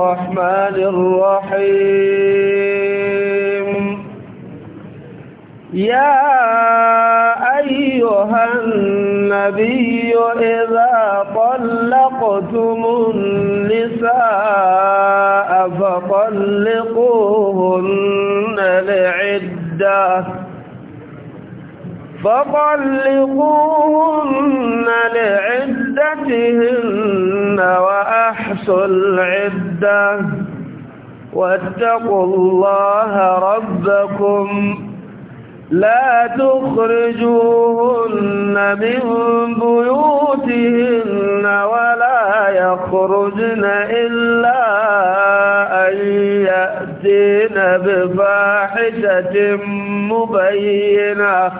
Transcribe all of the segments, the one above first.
الرحمن الرحيم يا أيها النبي إذا طلقتم النساء فطلقوهن لعدة فطلقوهن لعدتهن وأحصوا العدة واتقوا الله ربكم لا تخرجوهن من بيوتهن ولا يخرجن إلا أن يأتين بفاحشة مبينة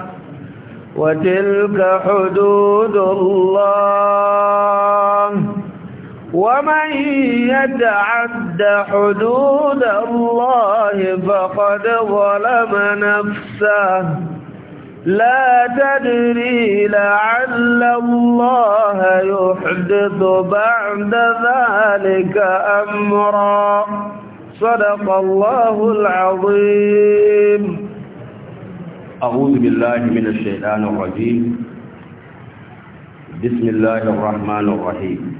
وتلك حدود الله ومن يتعد حدود الله فقد ظلم نفسه لا تدري لعل الله يحدث بعد ذلك أمرا صدق الله العظيم أعوذ بالله من الشيطان الرجيم بسم الله الرحمن الرحيم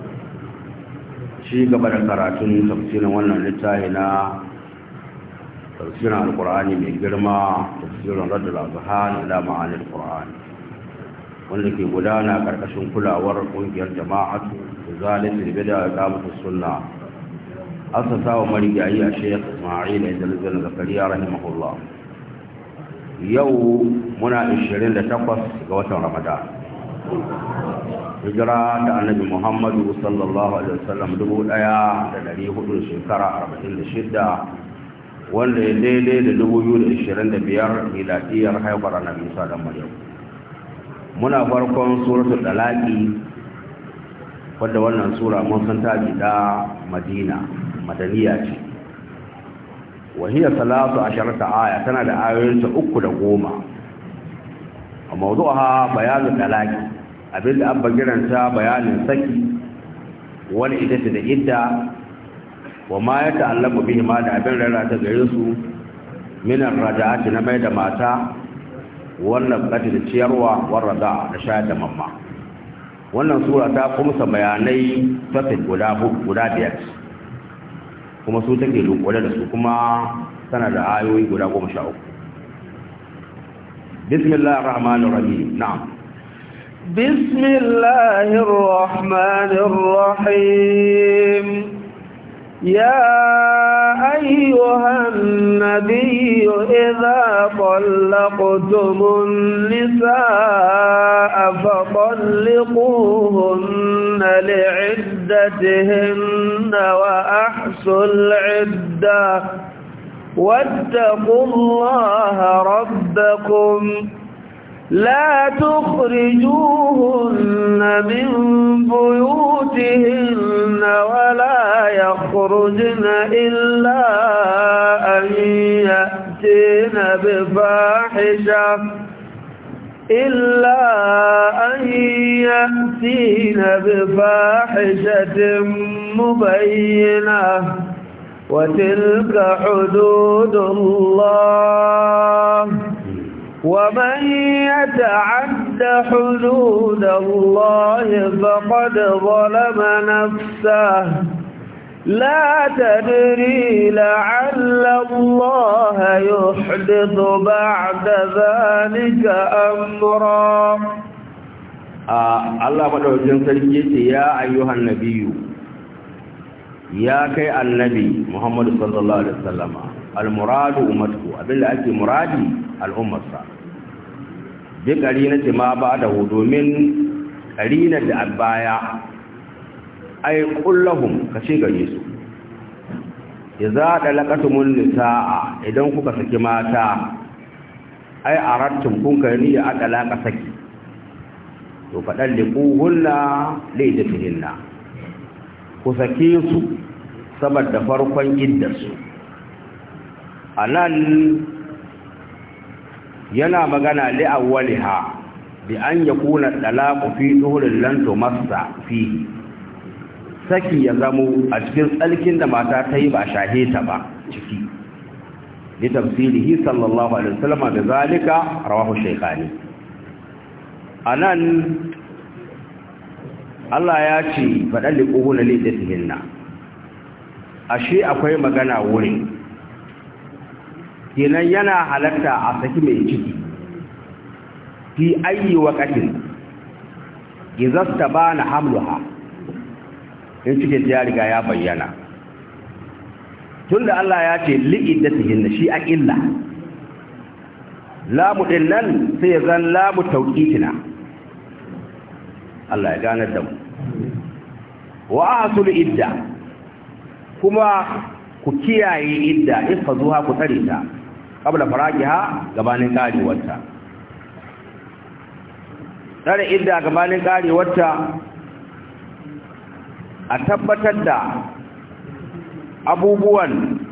ci gaba da karatun tafsirin wannan littafi na tafsirin alkur'ani mai girma tafsirin radul azhan ila ma'anil qur'an wanda ke gudana karkashin kulawar kungiyar jama'atu da zalatul bid'a da kamata sunna asasa wa marigayi a Sheikh Isma'il Idris Zakariya rahimahullah yau muna 28 ga watan Ramadan hijira da annabi muhammadu sallallahu alaihi wasallam dubu daya da dari hudu shekara arba'in da shidda wanda ya daidai da dubu biyu da ishirin da biyar miladiyar haifar annabi isa da maryam muna farkon suratul dalaki wadda wannan sura mun san ta da madina madaniya ce wa hiya salatu asharata aya tana da ayoyinta uku da goma mawdu'aha bayanu talaqi abinda an bagiranta bayanin saki ita ce da idda wa ma ya ta'allamu bihi ma da abin rara ta gare su min ar na mai da mata wannan kati da ciyarwa war rada da shayar da mamma wannan sura ta kumsa bayanai tafsir guda guda biyar kuma su take lokore da su kuma tana da ayoyi guda 13 بسم الله الرحمن الرحيم نعم بسم الله الرحمن الرحيم يا أيها النبي إذا طلقتم النساء فطلقوهن لعدتهن وأحسوا العدة واتقوا الله ربكم لا تخرجوهن من بيوتهن ولا يخرجن إلا أن يأتين بفاحشة إلا أن يأتين بفاحشة مبينة وتلك حدود الله ومن يتعد حدود الله فقد ظلم نفسه لا تدري لعل الله يحدث بعد ذلك أمرا آه، الله مدعو جنسل يا أيها النبي ya kai annabi muhammadu sallallahu alaihi wasallama almuradu umatku abinda ake muradi al'ummarsa bi karina ce ma ba da domin karina da abaya ai kullahum kace gare su idza dalaqatumul nisaa idan kuka saki mata ai a kun kai ni a dalaka saki to fadan liquhunna laidatihinna ku sake su saboda farkon iddarsu a nan yana magana awwaliha bi an ya kuna fi tsohon lanto masa fi saki ya zamo a cikin tsalkin da mata ta yi ba shaheta ba ciki li tafsirihi sallallahu alaihi wasallam da zalika rawahu shaykhani anan Allah ya ce faɗan da ƙuhuna ne da sihinna ashe akwai magana wurin kenan yana halatta a saki mai ciki fi ayi waƙatin gizasta ba na hamluha in cike ya riga ya bayyana tun da Allah ya ce hinna shi a illa lamu ɗin nan sai zan lamu tauƙitina Allah ya ganar da mu wa asul idda kuma ku kiyaye idda ifazuha ku tsare ta kabla farajiha gabanin karewarta tare idda gabanin karewarta a tabbatar da abubuwan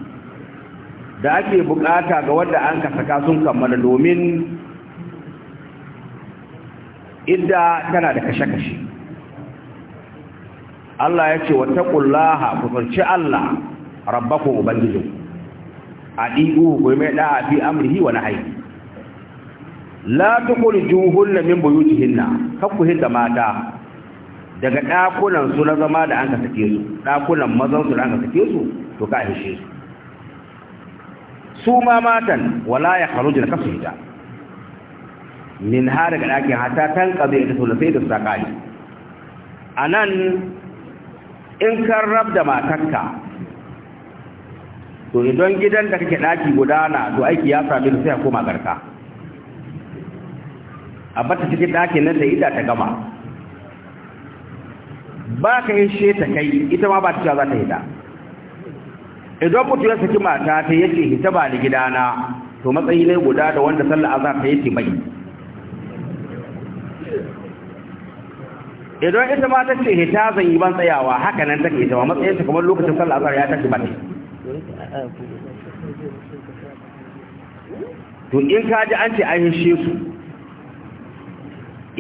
da ake bukata ga wanda an ka saka sun kammala domin idda tana da kashe-kashe Allah ya ce wata ƙullaha kusurci Allah rabbakun Ubangijin a ɗi'u ku mai ɗa'a fi amurhi wani haini la tukuri juhun min buyuti hinna kakku da mata daga ɗakunan su na zama da an ka sake su ɗakunan mazan su da an ka sake su to ka hishe su su ma matan wala ya kharuju jina kasu hita min har daga ɗakin hata tan ƙabe da sulasai da sakali a nan in kan rab da matarka to idan gidan da kake daki gudana to aiki ya sami sai koma garka a bata cikin daki nan da ita ta gama ba ka she ta kai ita ma ba ta cewa za ta hita idan mutu ya saki mata ta yake hita ba ni gidana to matsayi ne guda da wanda sallah azar ta yake bai idan ita ma ta ce hita zan yi ban tsayawa haka nan take ita ma matsayin kamar lokacin sallah azhar ya tashi bane to in ka ji an ce an hishe su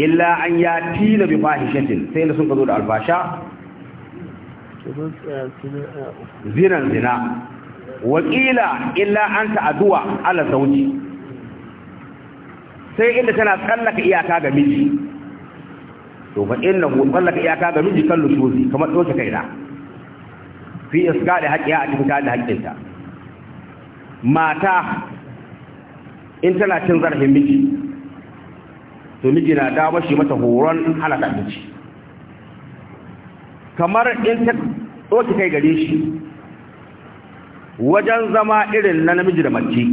illa an ya tina bi fahishatin sai da sun ka zo da albasha zinan zina wakila illa an ta'aduwa ala zauji sai inda tana tsallaka iyaka ga miji to fa innahu wallaka iyaka ga miji kan lushuzi kamar doke da fi isqali haqqiha a cikin da haƙƙinta mata in tana cin zarafin miji to miji na da shi mata horon halaka miji kamar in ta doke kai gare shi wajen zama irin na namiji da mace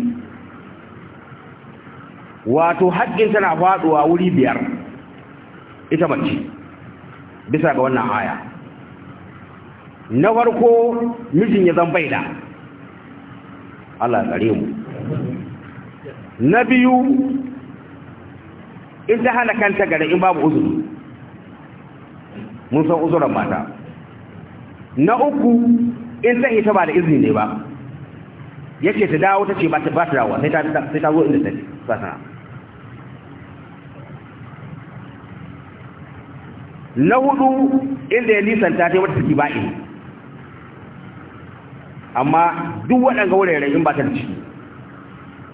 wato haƙƙin tana faɗuwa wuri biyar ita mace bisa ga wannan aya na farko mijin ya zan baida Allah gare mu na biyu in ta hana kanta gare in babu uzuri mun san uzuran mata na uku in ta ita ba da izini ne ba yake ta dawo ta ce ba ta dawo sai ta sai ta zo inda take ba sana na hudu inda ya nisanta ta wata take ba'i amma duk waɗanda wurare in ba ta ciki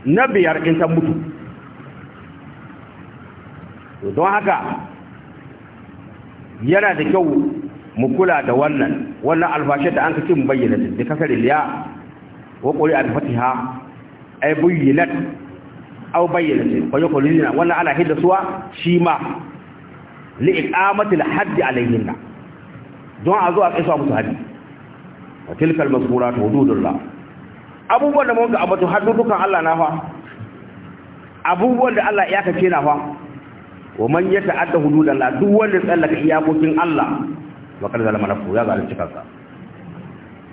na biyar in ta mutu don haka yana da kyau mu kula da wannan wannan alfashe da an kace mu bayyana da kasar liya wa a al-fatiha ay bayyana aw bayyana fa yaqulu lana wannan ana hidda suwa shi ma li'iqamati al-hadd alayhinna don a zo a kaisa musu haddi wa tilkal mazkuratu hududullah abubuwan da mun ga abatu haddukan Allah na fa abubuwan da Allah ya kace na fa wa man yata'adda hududallah duk wanda tsallaka iyakokin Allah wa qad zalama nafsu ya zalunci kansa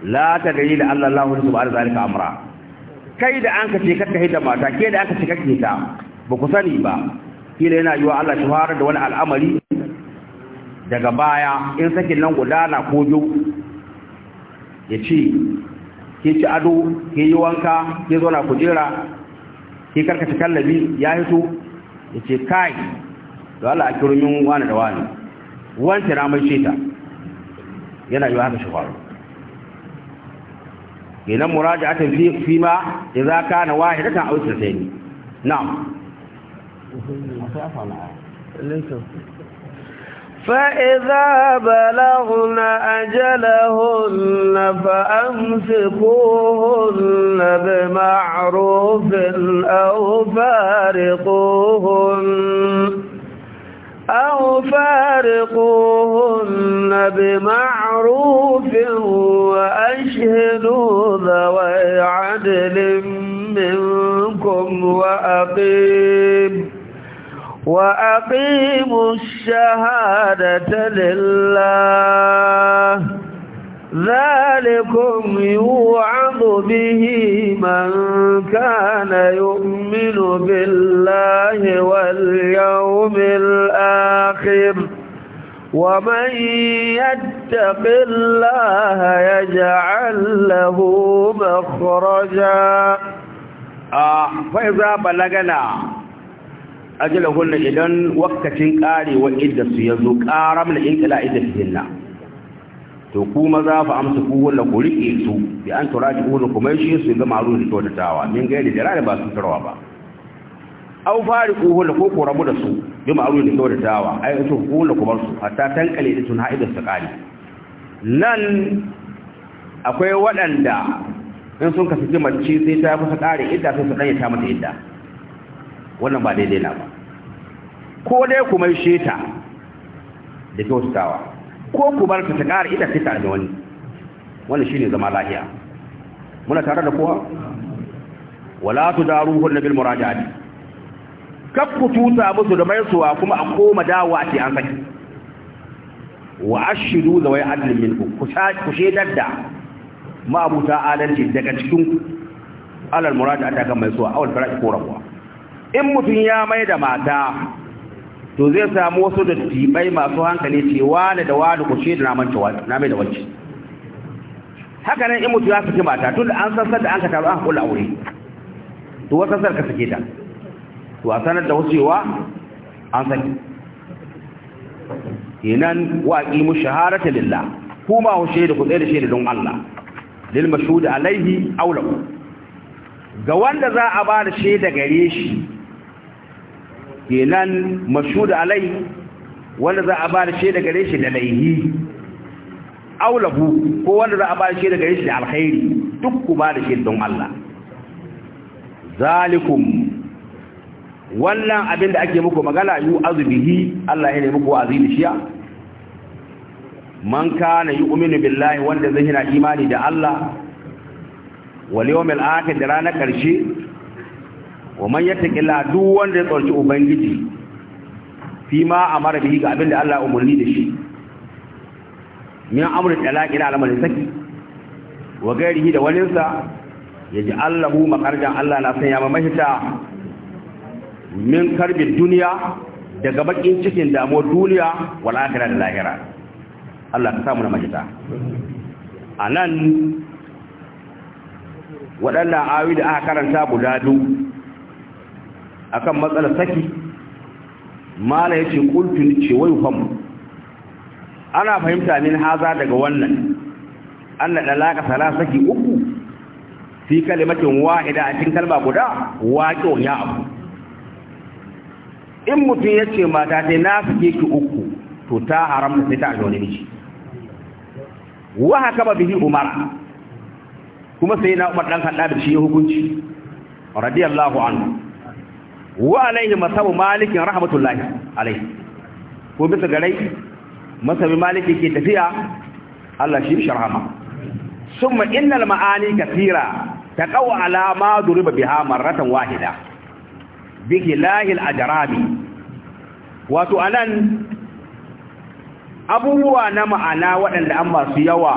la ta da Allah Allah subhanahu wa ta'ala amra kai da an kace ka kai da mata ke da an ka ce kake ta ba ku sani ba kila yana yiwa Allah shi fara da wani al'amari daga baya in sakin nan gudana ko biyu ya ce ke ci ado ke yi wanka ke zo na kujera ke karkata kallabi ya hito ya ce kai da Allah a kiro yin wani da wani wance na sheta yana yiwa haka shi faru kenan muraja tafi fi ma idza a wahidatan aw sayyidin na'am فإذا بلغن أجلهن فأمسكوهن بمعروف أو فارقوهن أو فارقوهن بمعروف وأشهدوا ذوي عدل منكم وأقيم وأقيموا الشهادة لله ذلكم يوعظ به من كان يؤمن بالله واليوم الآخر ومن يتق الله يجعل له مخرجا آه فإذا بلغنا hunna idan wakacin karewa idda su yazo qaram la inqila idda hinna to kuma za fa amsa ku walla ku rike su bi an turaji'una kuma shi su ga ma'ruf da kyautatawa min ga da jira da ba su tarwa ba aw fariqu hunna ko ku rabu da su bi ma'ruf da kyautatawa ai su ku walla ku bar su hatta tankale da sun haida su kare nan akwai waɗanda in sun kasance mace sai ta kusa kare idda sai su danya ta mata idda wannan ba daidai na ba ko dai ku mai sheta da kyautatawa ko ku bar ta ta ƙara ita fita da wani wannan shine zama lahiya muna tare da kowa wala tudaruhu bil murajaati kaf ku tuta musu da mai suwa kuma a koma dawo a ce an saki wa ashidu da wai adlin minku ku shedar da ma'abuta adalci daga cikin alal murad ta kan mai suwa awal farashi ko rabuwa in mutum ya mai da mata to zai samu wasu da tibai masu hankali ce wani da wani ku ce da na mai da wacce haka nan in mutum ya saki mata tun da an sassar da an ka taru an kula aure to wasu sassar ka sake ta to a sanar da wucewa an saki kenan waƙi mu shaharata lillah kuma hu shaidu ku tsaye da shaidu don Allah lil mashhud alaihi aw lahu ga wanda za a ba da shaida gare shi kenan mashuda alai wanda za a ba da shaida gare shi da laihi aulahu ko wanda za a ba da shaida gare shi da alkhairi duk ku ba da shaida don Allah zalikum wannan abin da ake muku magana yu azbihi Allah ya ne muku azili shiya man kana yu'minu billahi wanda zai na imani da Allah wal yawmil akhir da ranar karshe wa man yattaqilla duk wanda ya tsorci ubangiji fi ma amara bihi ga abinda Allah umurni da shi min amru talaqi ila al'amari saki wa gairihi da walinsa yaji Allahu makarjan Allah na sanya ma mahita min karbin duniya daga bakin cikin damuwar duniya wal akhirah da lahira Allah ka samu na mahita anan waɗannan awi da aka karanta guda biyu akan matsalar saki mala yace ce ni ce wai fam ana fahimta min haza daga wannan anna dalaka saki uku fi kalimatin wahida a cikin kalma guda waqi'un ya abu in mutum yace mata dai na fike ki uku to ta haramta sai ta aure miji wa haka ba bihi umar kuma sai na umar dan hada da shi hukunci radiyallahu anhu wa alaihi masabu malikin rahmatullahi alaihi ko bisa garai masabi maliki ke tafiya Allah shi sharhama summa innal ma'ani kathira taqaw ala ma duriba biha marratan wahida bi hilahil ajrabi wato anan abubuwa na ma'ana waɗanda an masu yawa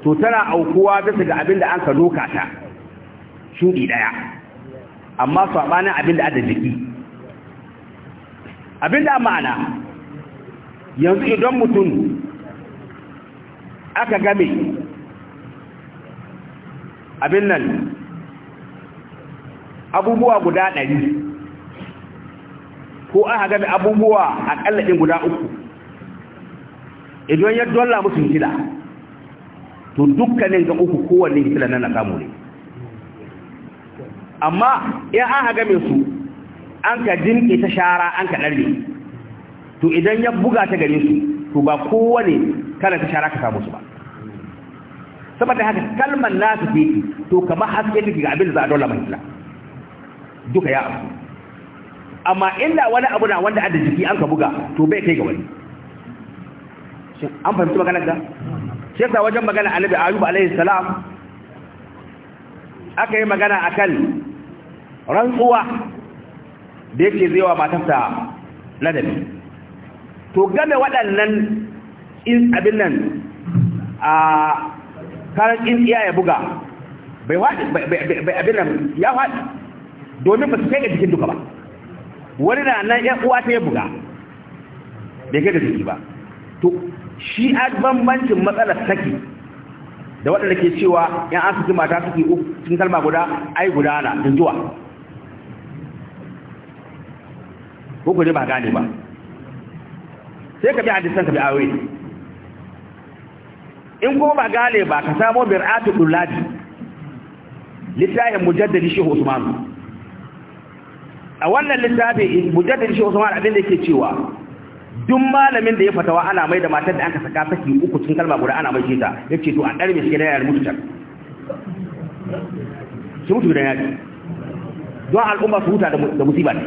to tana aukuwa bisa ga abin da an ka doka ta shudi ɗaya. amma sabanin abin da ada jiki abin da ma'ana yanzu idan mutum aka game abin nan abubuwa guda ɗari ko aka game abubuwa a ɗin guda uku idan ya dolla musu hitila to dukkanin ga uku kowanne hitila nan na samu ne amma in an haga mai su an ka jinke ta shara an ka ɗarne to idan ya buga ta gare su to ba kowane kana ta shara ka samu su ba saboda haka kalmar nasu fi to kamar haske take ga abin da za a dole mahila duka ya abu amma inda wani abu na wanda adda jiki an ka buga to bai kai ga wani shin an fahimci maganar da shi yasa wajen magana annabi ayub alaihi salam aka yi magana akan rantsuwa da yake zai wa matarsa ladabi to game waɗannan in abin nan a karan in iya ya buga bai abin nan ya waɗi. domin ba su kai ga jikin duka ba wani na nan ya uwa ta ya buga bai kai ga jiki ba to shi a bambancin matsalar saki da waɗanda ke cewa yan an suke mata suke uku sun kalma guda ai gudana na zuwa ko ku ba gane ba sai ka bi hadisan ka bi aure in kuma ba gane ba ka samo bir'atu dulladi littafin mujaddadi shehu usman a wannan littafin mujaddadi shehu usman abin da yake cewa duk malamin da ya fatawa ana mai da matar da aka saka saki uku cikin kalma guda ana mai shita yace to an darbe shi da mutu mutunta shi mutu da ji don al'umma su huta da musiba ne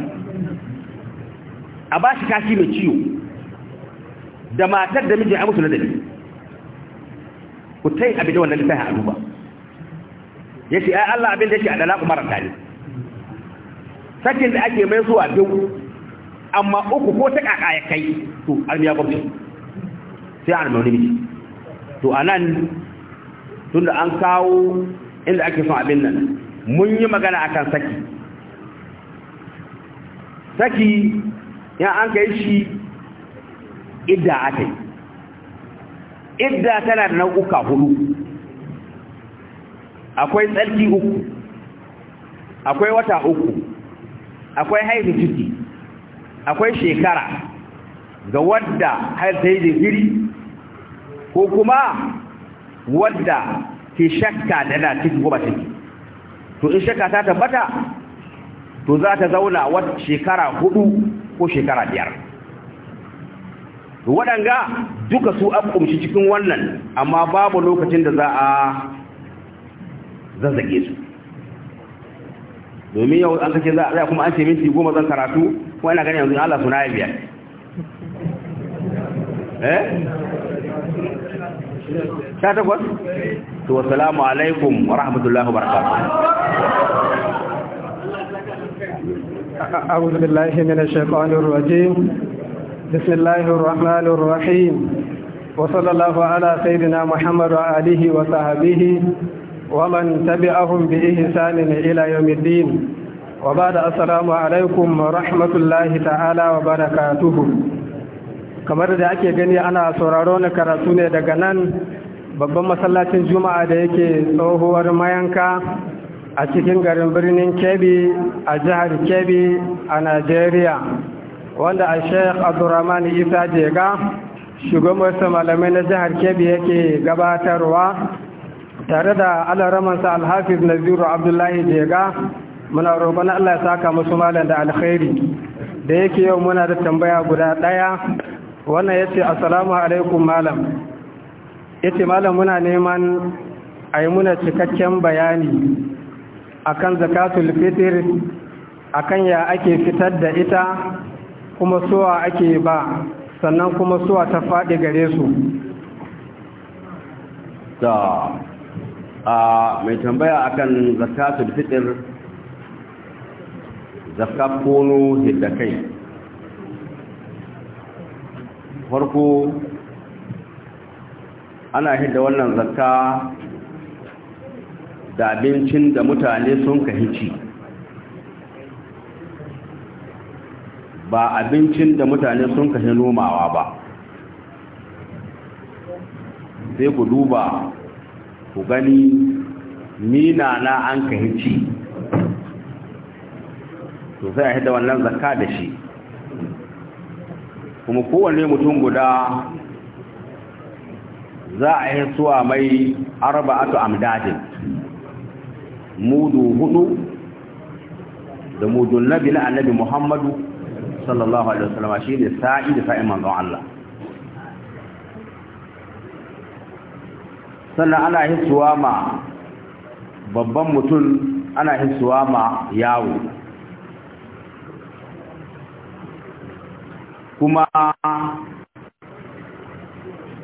a ba shi kashi mai ciwo da matar da mijin amsu na dalili ku tai abin da wannan littafin a duba ya ce ai Allah abin da yake a dalaku mara ne. sakin da ake mai zuwa biyu amma uku ko ta kaka ya kai to almiya gwamnati sai an wani miji to anan tunda an kawo inda ake son abin nan mun yi magana akan saki saki ya an kai shi idda aka yi idda tana da nau'uka hudu akwai tsarki uku akwai wata uku akwai haihu ciki akwai shekara ga wadda har ta yi jifiri ko kuma wadda ke shakka da na ciki ko ciki to in shakka ta tabbata to za ta zauna wata shekara hudu ko shekara biyar waɗanga duka su an kumshi cikin wannan amma babu lokacin da za a zazzage su domin yau an kace za a kuma an ce minti goma zan karatu ko ina ganin yanzu Allah suna ya biyar eh sha takwas to assalamu alaikum wa rahmatullahi wa barakatuh أعوذ بالله من الشيطان الرجيم بسم الله الرحمن الرحيم وصلى الله على سيدنا محمد وآله وصحبه ومن تبعهم بإحسان إلى يوم الدين وبعد السلام عليكم ورحمة الله تعالى وبركاته kamar da ake gani ana sauraro na karatu ne daga nan babban masallacin juma'a da yake tsohuwar mayanka a cikin garin birnin kebbi a jihar kebbi a najeriya wanda a shek abdurrahman isa jega shugabansa malamai na jihar kebbi yake gabatarwa tare da alaramansa alhafiz naziru abdullahi jega muna roƙon allah ya saka musu malam da alkhairi da yake yau muna da tambaya guda ɗaya wannan ya ce assalamu alaikum malam ya ce malam muna neman a yi muna cikakken bayani akan zakatul fitr akan ya ake fitar da ita kuma suwa ake ba sannan kuma suwa ta faɗi gare su da a mai tambaya akan zakatul fitr da kai, farko ana hidda wannan zakka da abincin da mutane sun kahici ba abincin da mutane sun kahi nomawa ba sai ku duba ku gani nina na an kahici to sai a hida wannan zakka da shi kuma kowane mutum guda za a yi suwa mai arba'atu amdadin mudu hudu da mudun nabi na annabi muhammadu sallallahu alaihi wasallam shi ne sa'i da manzon Allah sannan ana hisuwa ma babban mutum ana hisuwa ma yawo kuma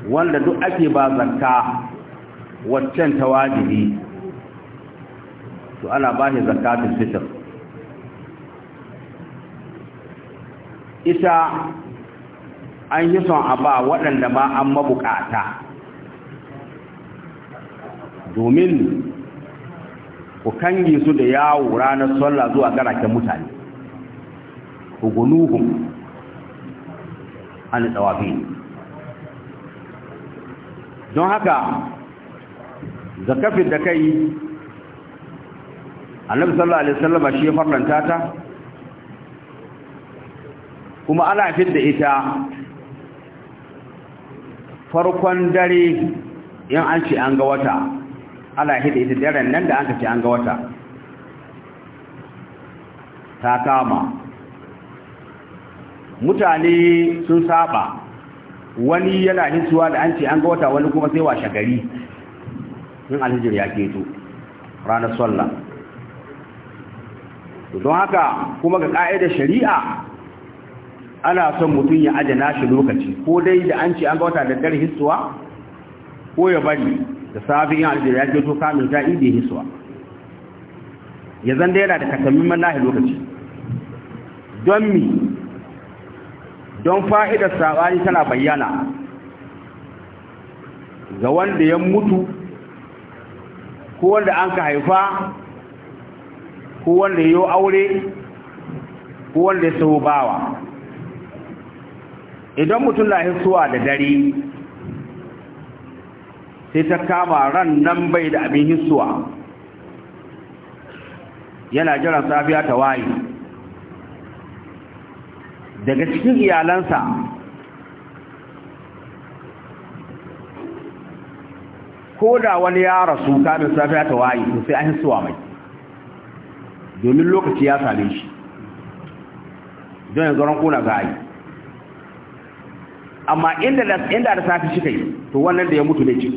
wanda duk ake ba zakka waccan ta wajibi to ana ba shi zakatun fitr ita an yi son a ba waɗanda ma an mabukata domin ku kange su da yawo ranar sallah zuwa garaken mutane ku gunuhun an tsawafi don haka zakafin da kai annabi sallallahu alaihi wasallam shi ya farlanta ta kuma ana fidda ita farkon dare in an ce an ga wata ana hidda ita daren nan da aka ce an ga wata ta kama mutane sun saba wani yana hisuwa da an ce an ga wata wani kuma sai washe gari in alhijir ya keto ranar sallah don haka kuma ga ka'idar shari'a ana son mutum ya adana shi lokaci ko dai da an ce an ga wata da dare hisuwa ko ya bari da safi yin aljira ya ka kamun ta ide hisuwa ya zan daina da katamin mallahi lokaci don mi don fa'idar saɓani tana bayyana ga wanda ya mutu ko wanda an ka haifa ko wanda yayo aure ko wanda ya sayo bawa idan mutum na hisuwa da dare sai ta kama ran nan bai da abin hisuwa yana jiran safiya ta waye daga cikin iyalansa ko da wani ya rasu kamin safiya ta waye sai an hisuwa mai domin lokaci ya same shi don yanzu ran kuna ga yi, amma inda da inda da safi shi kai to wannan da ya mutu ne ci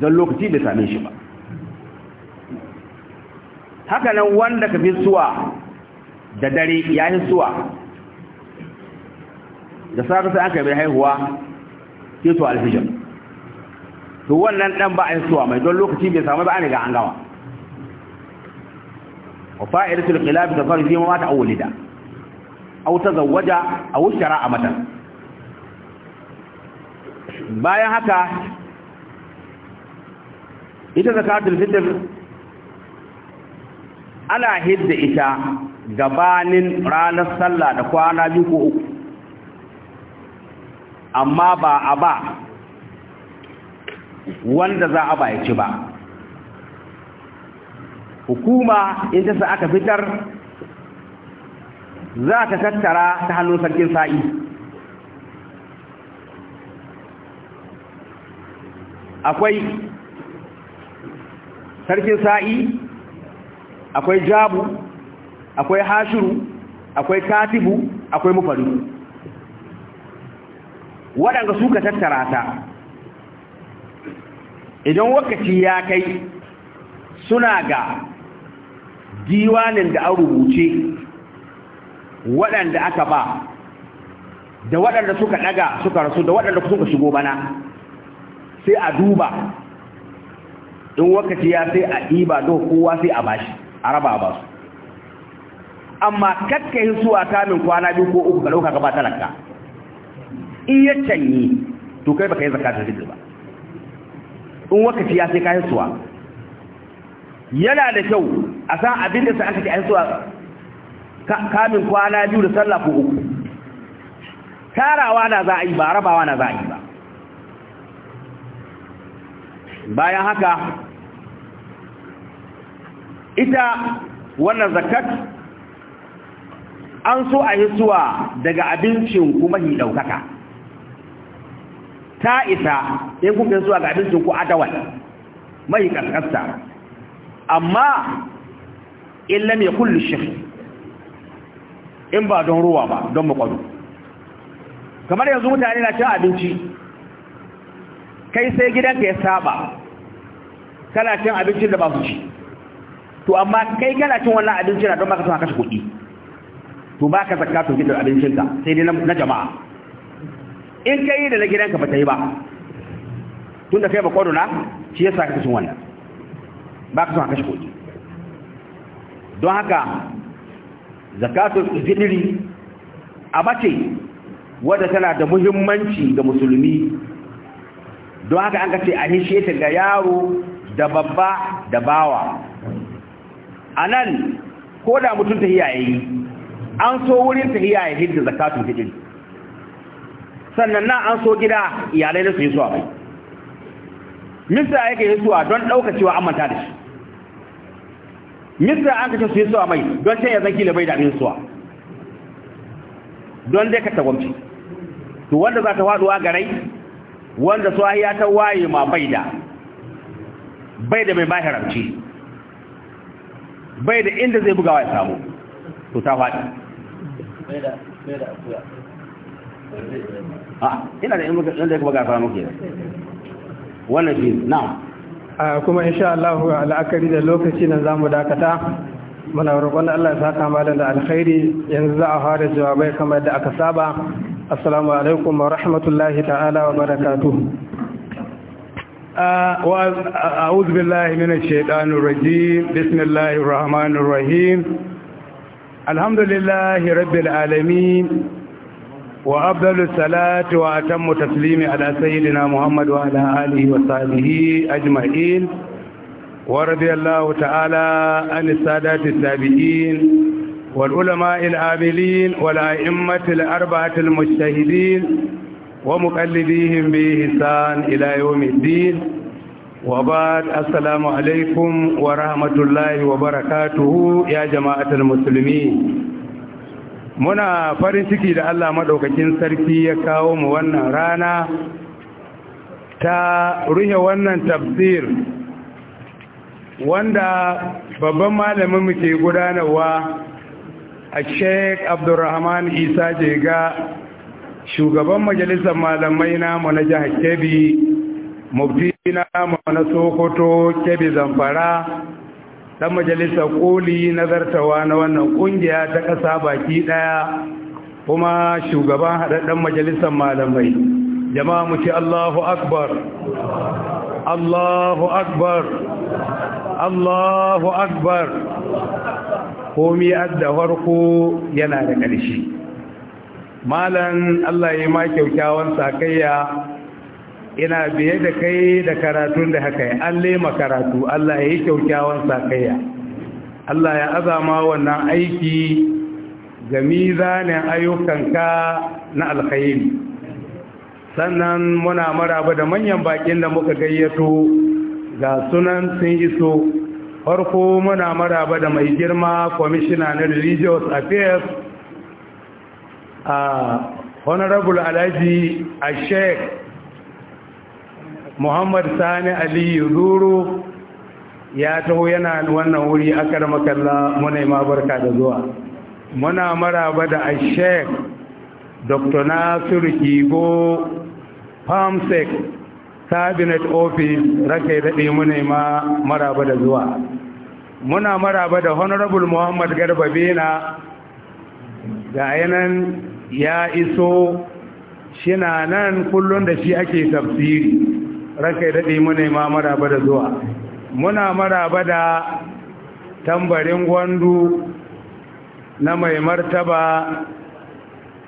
don lokaci bai same shi ba haka nan wanda ka fi suwa da dare ya yi suwa da safi sai an kai mai haihuwa ke to alfijar to wannan dan ba a yi suwa mai don lokaci bai samu ba an ga an gawa وفائدة القلاب تظهر فيما مات أو ولد أو تزوج أو اشترى أمة bayan haka ita zakatul fitr ana hidda ita gabanin ranar sallah da kwana biyu ko uku amma ba a ba wanda za a ba ya ci ba hukuma in ta sa aka fitar za ta tattara ta hannun sarkin sa'i akwai sarkin sa'i akwai jabu akwai hashiru akwai katibu akwai mufari waɗanda suka tattara ta idan wakaci ya kai suna ga diwanin da an rubuce waɗanda aka ba da waɗanda suka ɗaga suka rasu da waɗanda suka shigo bana sai a duba in wakati ya sai a ɗiba don kowa sai a bashi a raba ba su amma yi suwa kamin kwana biyu ko uku ka ɗauka ka ba talaka in ya canyi to kai baka yi zakatar fitr ba in wakati ya sai kayan suwa yana da kyau a san abin da aka ce an suwa kamin kwana biyu da sallah ko uku tarawa na za a yi ba rabawa na za a yi ba bayan haka ita wannan zakat an so a yi suwa daga abincin kuma yi ɗaukaka ta isa in kuka yi suwa ga abincin ku adawal mai kaskasta amma in lam yakul shafi, in ba don ruwa ba don makwado kamar yanzu mutane na cin abinci kai sai gidanka ya saba kana cin abincin da ba su ci to amma kai kana cin wannan abinci na don baka son kashe kuɗi to ba ka baka zakatun gidan abincinka sai dai na jama'a in kai da na gidanka ba ta yi ba tunda kai ba kwado na shi yasa ka cin wannan ba ka son kashe kuɗi don haka zakatul fitri abace wanda wadda tana da muhimmanci ga musulmi don haka an kace a hishe ta ga yaro da babba da bawa anan ko da mutum ta hiyaye an so wurin ta hiyaye hidda zakatul fitri sannan na an so gida iyalai da su yi suwa bai mista yake yi suwa don ɗaukacewa amanta da shi mitra an kace su yi suwa mai don can ya zanki labai da abin suwa don dai ka tagwamci to wanda za ta faduwa garai wanda suwa ya ta waye ma bai da bai da mai maharamci bai da inda zai bugawa ya samu to ta faɗi ah, ina da inda ya kuma fara muke wannan shi na'am kuma insha Allah al'akari da lokaci nan zamu dakata muna roƙon Allah ya saka malam da alkhairi yanzu za a fara jawabai kamar da aka saba assalamu alaikum wa rahmatullahi ta'ala wa barakatuh وأعوذ بالله من الشيطان الرجيم بسم الله الرحمن الرحيم الحمد لله رب وأفضل الصلاة وأتم تسليم على سيدنا محمد وعلى آله وصحبه أجمعين ورضي الله تعالى عن السادات السابقين والعلماء العاملين والأئمة الأربعة المجتهدين ومقلديهم بإحسان إلى يوم الدين وبعد السلام عليكم ورحمة الله وبركاته يا جماعة المسلمين muna farin ciki da Allah maɗaukakin sarki ya kawo mu wannan rana ta ruhe wannan tafsir wanda babban malamin mu ke gudanarwa a sheik abdurrahman isa jega shugaban majalisar malamai namu na jihar kebbi mubti namu na sokoto kebbi zamfara dan majalisar koli nazartawa na wannan kungiya ta ƙasa baki ɗaya kuma shugaban haɗaɗɗen majalisar malamai jama'a mu ce Allahu akbar Allahu akbar Allahu akbar komi adda farko yana da ƙarshe Malam Allah ya ma kyaukyawan sakayya ina biye da kai da karatun da haka yi an lema karatu Allah ya yi kyaukyawan sakayya Allah ya azama wannan aiki ga mizanin ka na alkhairi sannan muna maraba da manyan bakin da muka gayyato ga sunan sun iso farko muna maraba da mai girma kwamishina na religious affairs a honorable alhaji a sheikh muhammad sani aliyu zuru ya taho yana wannan wuri a makalla muna ma barka da zuwa muna maraba da ashek dr nasiru kigo palmsec cabinet office rake daɗe muna ma maraba da zuwa muna maraba da honorable muhammad garba bena ga yanan ya iso shina nan kullum da shi ake tafsiri raka yi daɗi mu ma maraba da zuwa muna maraba da tambarin gwandu na mai martaba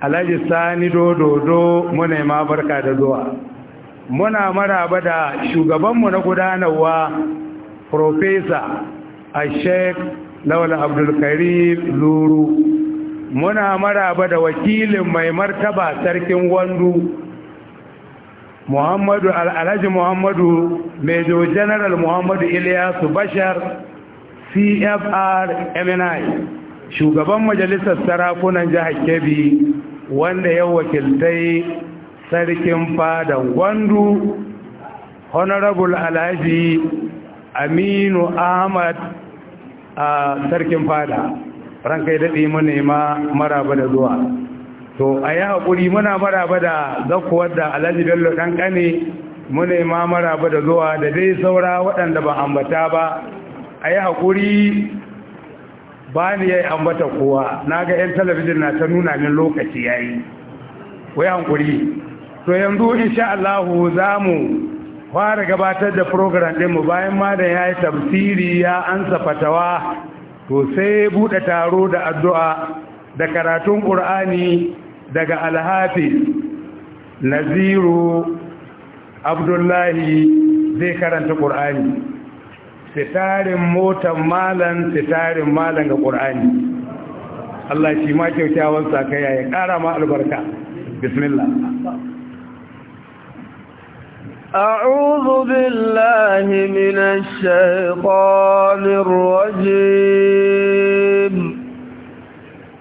alhaji sani dododo muna ma barka da zuwa muna maraba da shugabanmu na gudanarwa profesa a sheik laula abdulkarim zuru muna maraba da wakilin mai martaba sarkin gwandu muhammadu alhaji muhammadu major general muhammadu iliyasu bashar cfr mni shugaban majalisar sarakunan jihar kebbi wanda ya wakiltai sarkin fadan gwandu honorable alhaji aminu ahmad a sarkin fada ranka yi daɗi mu nema maraba da zuwa to a yi haƙuri muna maraba da zakuwar da alhaji bello ɗan ƙane muna ma maraba da zuwa da dai saura waɗanda ba ambata ba a yi haƙuri ba ni ya yi ambata kowa na ga 'yan talabijin na ta nuna min lokaci ya yi wai haƙuri to yanzu insha Allahu za mu fara gabatar da program ɗinmu bayan ma da ya yi tafsiri ya ansa fatawa to sai buɗe taro da addu'a da karatun ƙur'ani daga alhafi naziru abdullahi zai karanta ƙur'ani sitarin motan malan sitarin malan ga ƙur'ani Allah shi ma kyaukyawan sakaya ya ƙara ma albarka bismillah أعوذ بالله من الشيطان الرجيم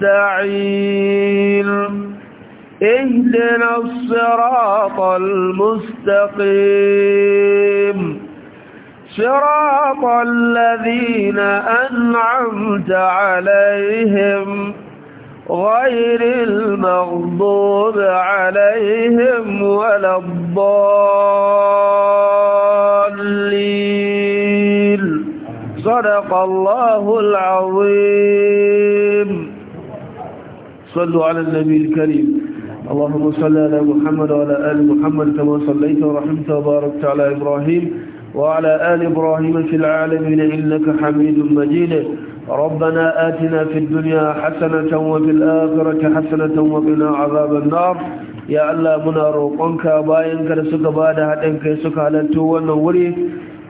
مستعين اهدنا الصراط المستقيم صراط الذين أنعمت عليهم غير المغضوب عليهم ولا الضالين صدق الله العظيم صلوا على النبي الكريم اللهم صل على محمد وعلى آل محمد كما صليت ورحمت وباركت على إبراهيم وعلى آل إبراهيم في العالمين إنك حميد مجيد ربنا آتنا في الدنيا حسنة وفي الآخرة حسنة وقنا عذاب النار يا الله منا روقنك باينك ka da suka ba da haɗin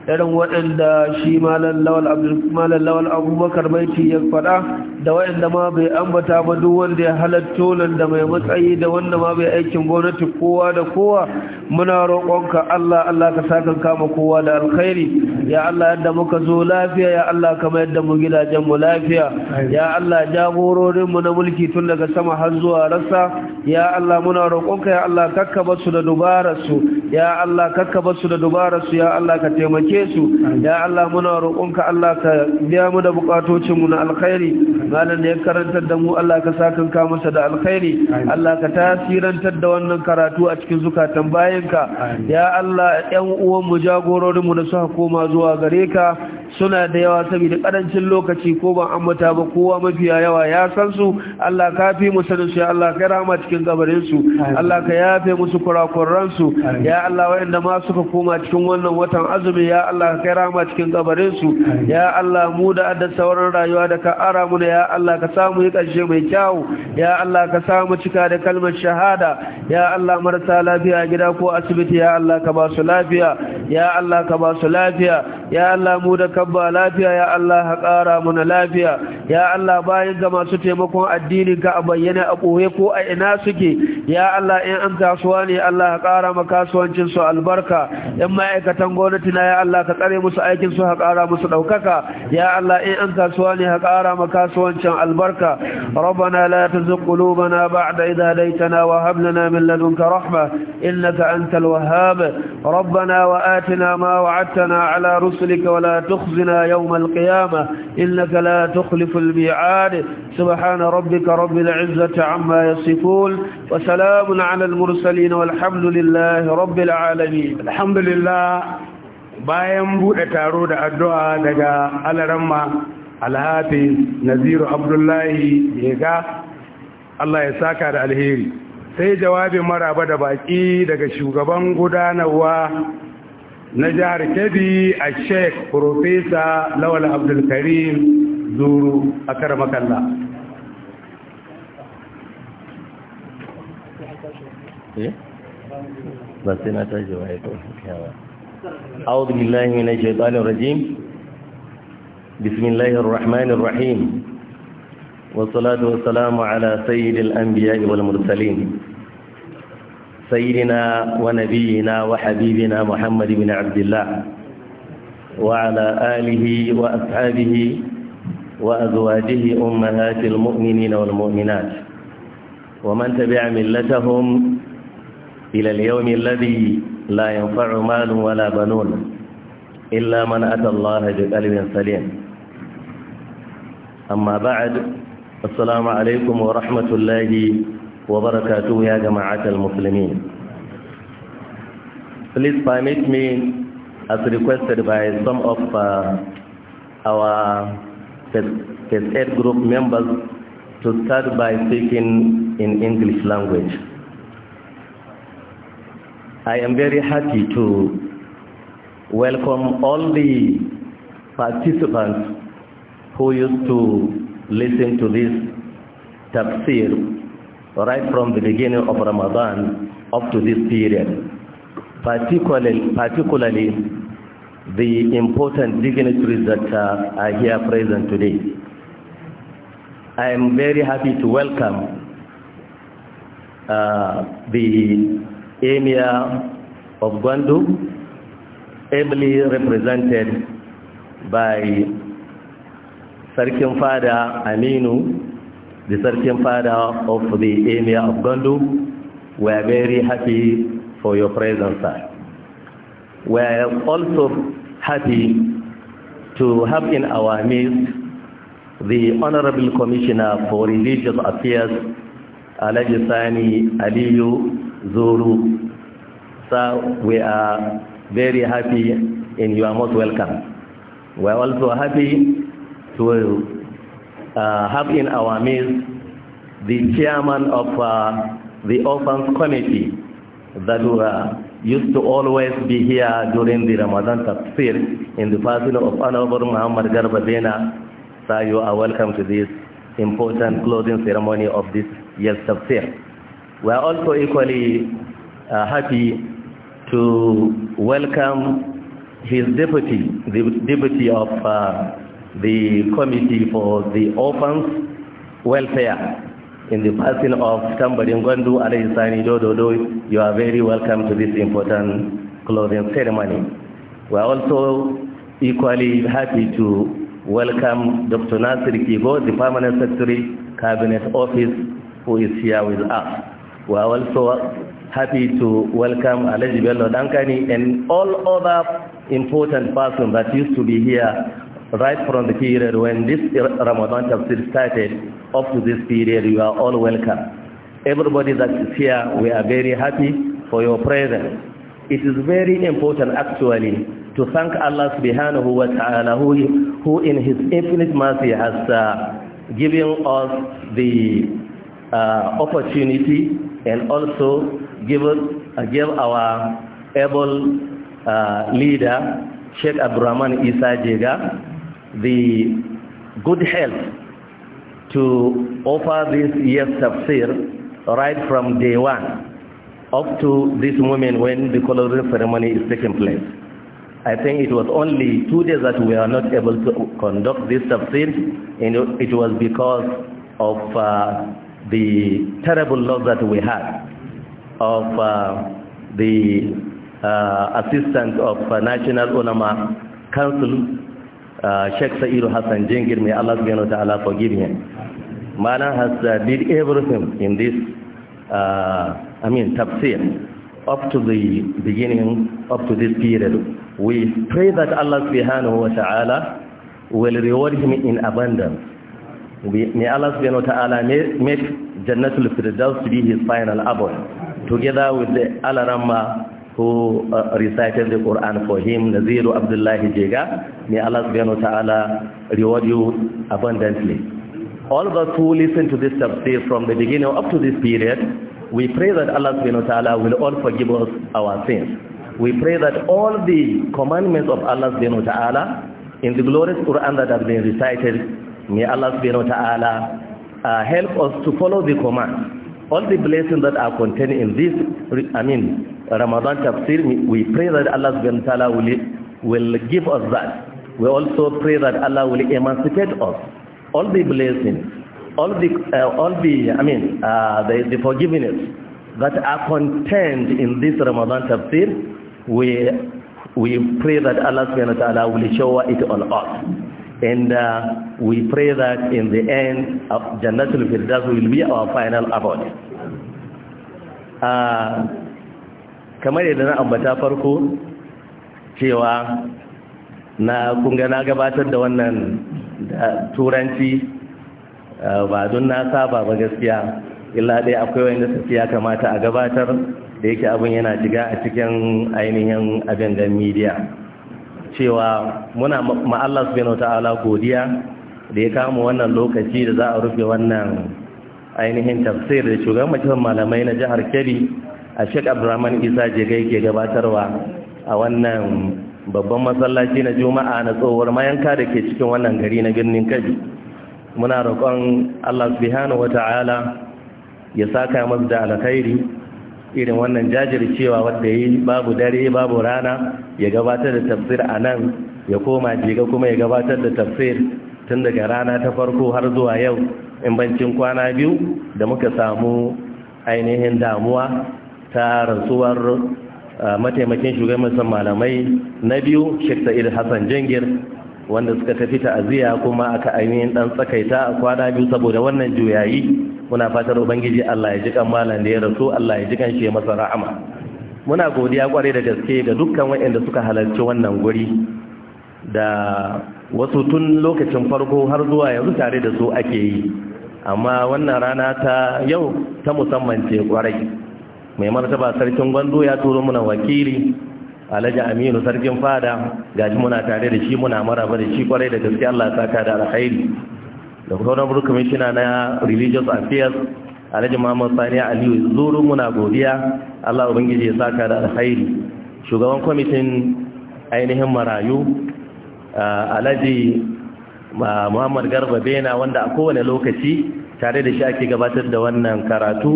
irin waɗanda shi malallawal abubakar maiti ya faɗa da waɗanda ma bai ambata ba duk wanda ya halatto nan da mai matsayi da wanda ma bai aikin gwamnati kowa da kowa muna roƙonka Allah Allah ka sakan kama kowa da alkhairi ya Allah yadda muka zo lafiya ya Allah kama yadda mu gidajen mu lafiya ya Allah jagororin mu na mulki tun daga sama har zuwa rasa ya Allah muna roƙonka ya Allah kakkaba su da dubara su ya Allah kakkaba su da dubara su ya Allah ka taimaki. ɗauke su ya Allah muna roƙonka Allah ka biya mu da bukatocin mu na alkhairi malam da ya karantar da mu Allah ka sa ka masa da alkhairi Allah ka tasirantar da wannan karatu a cikin zukatan bayanka ya Allah ɗan uwan mu jagororin mu da suka koma zuwa gare ka suna da yawa saboda karancin lokaci ko ban ambata ba kowa mafiya yawa ya san su Allah ka fi mu sanin su ya Allah ka rahama cikin gabarin su Allah ka yafe musu kurakuran su ya Allah wayanda ma suka koma cikin wannan watan azumi ya ya Allah ka kai rahama cikin kabarin su ya Allah mu da adda sauran rayuwa da ka ara mu ya Allah ka samu yi karshe mai kyau ya Allah ka samu cika da kalmar shahada ya Allah marasa lafiya gida ko asibiti ya Allah ka ba su lafiya ya Allah ka ba su lafiya ya Allah mu da kabba lafiya ya Allah ka kara mana lafiya ya Allah bayan ga masu taimakon addini ka a bayyana a koye ko a ina suke ya Allah in an kasuwa ne Allah ka kara ma kasuwancin su albarka in ma'aikatan gwamnati na ya Allah Allah ka tsare musu aikin su haƙara musu daukaka ya Allah in an tasuwa ne haƙara maka ربنا لا تزغ قلوبنا بعد اذا ليتنا وهب لنا من لدنك رحمة إنك أنت الوهاب ربنا وآتنا ما وعدتنا على رسلك ولا تخزنا يوم القيامة إنك لا تخلف الميعاد سبحان ربك رب العزة عما يصفون وسلام على المرسلين والحمد لله رب العالمين الحمد لله bayan buɗe taro da addu'a daga alaramma alhafi naziru abdullahi yega Allah ya saka da alheri sai jawabin maraba da baƙi daga shugaban gudanarwa na jihar kebbi a sheik profesa lawal abdulkarim zuru a karamakalla eh? ba sai na tashi wa ya kawai أعوذ بالله من الشيطان الرجيم بسم الله الرحمن الرحيم والصلاة والسلام على سيد الأنبياء والمرسلين سيدنا ونبينا وحبيبنا محمد بن عبد الله وعلى آله وأصحابه وأزواجه أمهات المؤمنين والمؤمنات ومن تبع ملتهم إلى اليوم الذي لا ينفع مال ولا بنون إلا من أتى الله بقلب سليم أما بعد السلام عليكم ورحمة الله وبركاته يا جماعة المسلمين Please permit me as requested by some of uh, our first aid group members to start by speaking in English language. I am very happy to welcome all the participants who used to listen to this tafsir right from the beginning of Ramadan up to this period, particularly, particularly the important dignitaries that uh, are here present today. I am very happy to welcome uh, the emir of Gwandu, ably represented by Sarkin Fada Aminu, the Sarkin Fada of the emir of Gwandu. We are very happy for your presence, sir. We are also happy to have in our midst the Honorable Commissioner for Religious Affairs, Alhaji Aliyu Zuru. Sir, we are very happy and you are most welcome. We are also happy to uh, have in our midst the chairman of uh, the orphans committee that uh, used to always be here during the Ramadan tafsir in the person of Honorable Muhammad Garbadena. Sir, you are welcome to this important closing ceremony of this year's tafsir. We are also equally uh, happy to welcome his deputy, the deputy of uh, the Committee for the Orphans Welfare in the person of Tambarin Gwandu Dododo. You are very welcome to this important closing ceremony. We are also equally happy to welcome Dr. Nasir Kigo, the Permanent Secretary, Cabinet Office, who is here with us. We are also happy to welcome Alaji Bello Dankani and all other important persons that used to be here right from the period when this Ramadan tafsir started up to this period. You are all welcome. Everybody that is here, we are very happy for your presence. It is very important actually to thank Allah subhanahu wa ta'ala who, who in his infinite mercy has uh, given us the uh, opportunity and also give, uh, give our able uh, leader, Sheikh Abdurrahman Isa Jega, the good health to offer this year's tafsir right from day one up to this moment when the coloring ceremony is taking place. I think it was only two days that we are not able to conduct this tafsir and it was because of uh, the terrible loss that we had of uh, the uh, assistant of uh, National Ulama Council, uh, Sheikh Sa'iru Hassan Jengir, may Allah subhanahu wa ta'ala forgive him. Mana has uh, did everything in this, uh, I mean, tafsir, up to the beginning, up to this period. We pray that Allah subhanahu wa ta'ala will reward him in abundance. May Allah subhanahu wa ta'ala make Jannatul Firdaus to be his final abode, together with the Al Alarama who uh, recited the Quran for him, Naziru Abdullah Jega. May Allah subhanahu wa ta'ala reward you abundantly. All of us who listen to this tafsir from the beginning up to this period, we pray that Allah subhanahu wa ta'ala will all forgive us our sins. We pray that all the commandments of Allah subhanahu wa ta'ala in the glorious Quran that has been recited May Allah subhanahu wa ta'ala uh, help us to follow the command. All the blessings that are contained in this, I mean, Ramadan tafsir, we pray that Allah subhanahu wa ta'ala will, will give us that. We also pray that Allah will emancipate us. All the blessings, all the, uh, all the I mean, uh, the, the forgiveness that are contained in this Ramadan tafsir, we, we pray that Allah subhanahu wa ta'ala will show it on us. And uh, we pray that in the end, of uh, Jannatul Firdaus will be our final abode. Uh, kamar yadda na ambata farko cewa na kunga na gabatar da wannan turanci uh, ba don na saba ba gaskiya illa dai akwai wanda tafiya kamata a gabatar da yake abin yana shiga a cikin ainihin abin da media. cewa muna ma Allah subhanahu ta'ala godiya da ya kama wannan lokaci da za a rufe wannan ainihin tafsir da shugaban majalisar malamai na jihar Kebbi a Sheikh Abdulrahman Isa Jega yake gabatarwa a wannan babban masallaci na Juma'a na tsohuwar mayanka da ke cikin wannan gari na birnin Kebbi muna roƙon Allah subhanahu ta'ala ya saka masa da alkhairi irin wannan jajircewa wanda ya yi babu dare babu rana ya gabatar da tafsir a nan ya koma jiga kuma ya gabatar da tafsir tun daga rana ta farko har zuwa yau in bancin kwana biyu da muka samu ainihin damuwa ta rasuwar mataimakin shugaban malamai na biyu Sheikh Sa'id Hassan Jangir wanda suka tafi ta'aziya kuma aka ainihin dan tsakaita a kwana biyu saboda wannan juyayi muna fatar ubangiji Allah ya ji kan malam da ya rasu Allah ya ji kan shi masa rahama muna godiya kwarai da gaske ga dukkan waɗanda suka halarci wannan guri da wasu tun lokacin farko har zuwa yanzu tare da su ake yi amma wannan rana ta yau ta musamman ce kwarai mai martaba sarkin gwando ya turo muna wakili alhaji aminu sarkin fada gaji muna tare da shi muna maraba da shi kwarai da gaske Allah ya saka da alkhairi da honorable commissioner na religious affairs alhaji muhammad sani aliyu zuru muna godiya allah ubangiji ya saka da alhairi shugaban kwamitin ainihin marayu alhaji muhammad garba bena wanda a kowane lokaci tare da shi ake gabatar da wannan karatu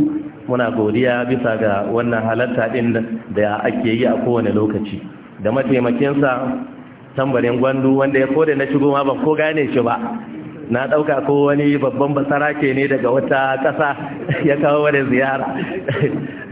muna godiya bisa ga wannan halatta din da ake yi a kowane lokaci da mataimakinsa tambarin gwandu wanda ya kore na shigo ma ban ko gane shi ba na ɗauka ko wani babban basarake ne daga wata ƙasa ya kawo wani ziyara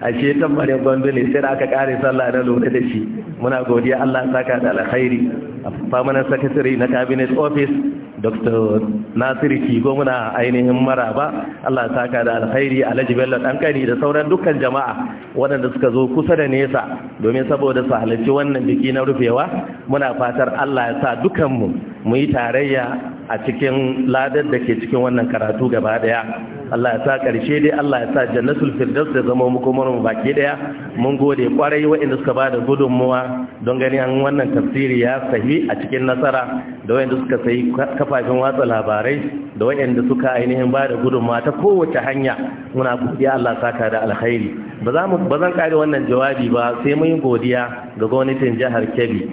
a shetan gwandu ne sai da aka ƙare sallah na lura da shi muna godiya Allah saka da alkhairi a permanent secretary na cabinet office dr nasiru kigo muna ainihin maraba Allah saka da alkhairi alhaji bello kari da sauran dukkan jama'a waɗanda suka zo kusa da nesa domin saboda su halarci wannan biki na rufewa muna fatar Allah ya sa dukanmu mu yi tarayya a cikin ladar da ke cikin wannan karatu gaba daya Allah ya sa karshe dai Allah ya sa jannatul firdaus da zama mu kuma mu baki daya mun gode kwarai waɗanda suka bada gudunmuwa don gani an wannan tafsiri ya sahi a cikin nasara da waɗanda suka sayi kafafen watsa labarai da waɗanda suka ainihin bada gudunmuwa ta kowace hanya muna godiya Allah saka da alkhairi ba za mu ba zan kare wannan jawabi ba sai mun godiya ga gwamnatin jihar Kebbi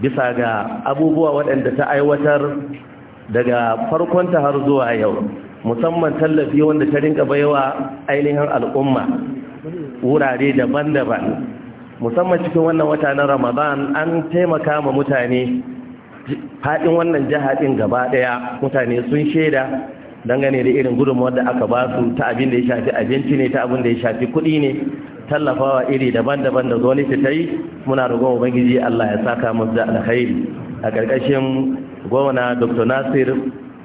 bisa ga abubuwa waɗanda ta aiwatar daga farkon ta har zuwa yau musamman tallafi wanda ta rinka baiwa ainihin al'umma wurare daban-daban musamman cikin wannan wata na ramadan an taimaka ma mutane faɗin wannan jihaɗin gaba ɗaya mutane sun shaida dangane da irin gudunmawar da aka ba su ta abin da ya shafi abinci ne ta abin da ya shafi kuɗi ne tallafawa iri daban-daban da gwamnati ta yi muna rugon ubangiji Allah ya saka mu da alkhairi a ƙarƙashin gwamna dr nasir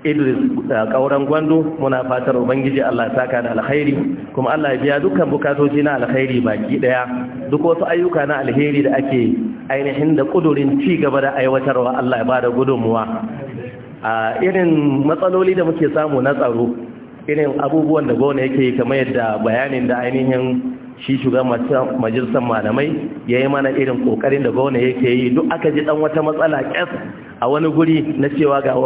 idris eh, kauran gwando muna fatar ubangiji allah saka da alkhairi kuma allah ya biya dukkan bukatoci na alkhairi baki daya duk wasu ayyuka na alheri da ake ainihin da kudurin ci gaba da aiwatarwa allah ya bada gudunmuwa a irin matsaloli da muke samu na tsaro irin abubuwan da gwamna yake kamar yadda bayanin da ainihin shi shugaban majalisar malamai ya yi mana irin kokarin da gwamna yake yi duk aka ji dan wata matsala kyas a wani guri na cewa ga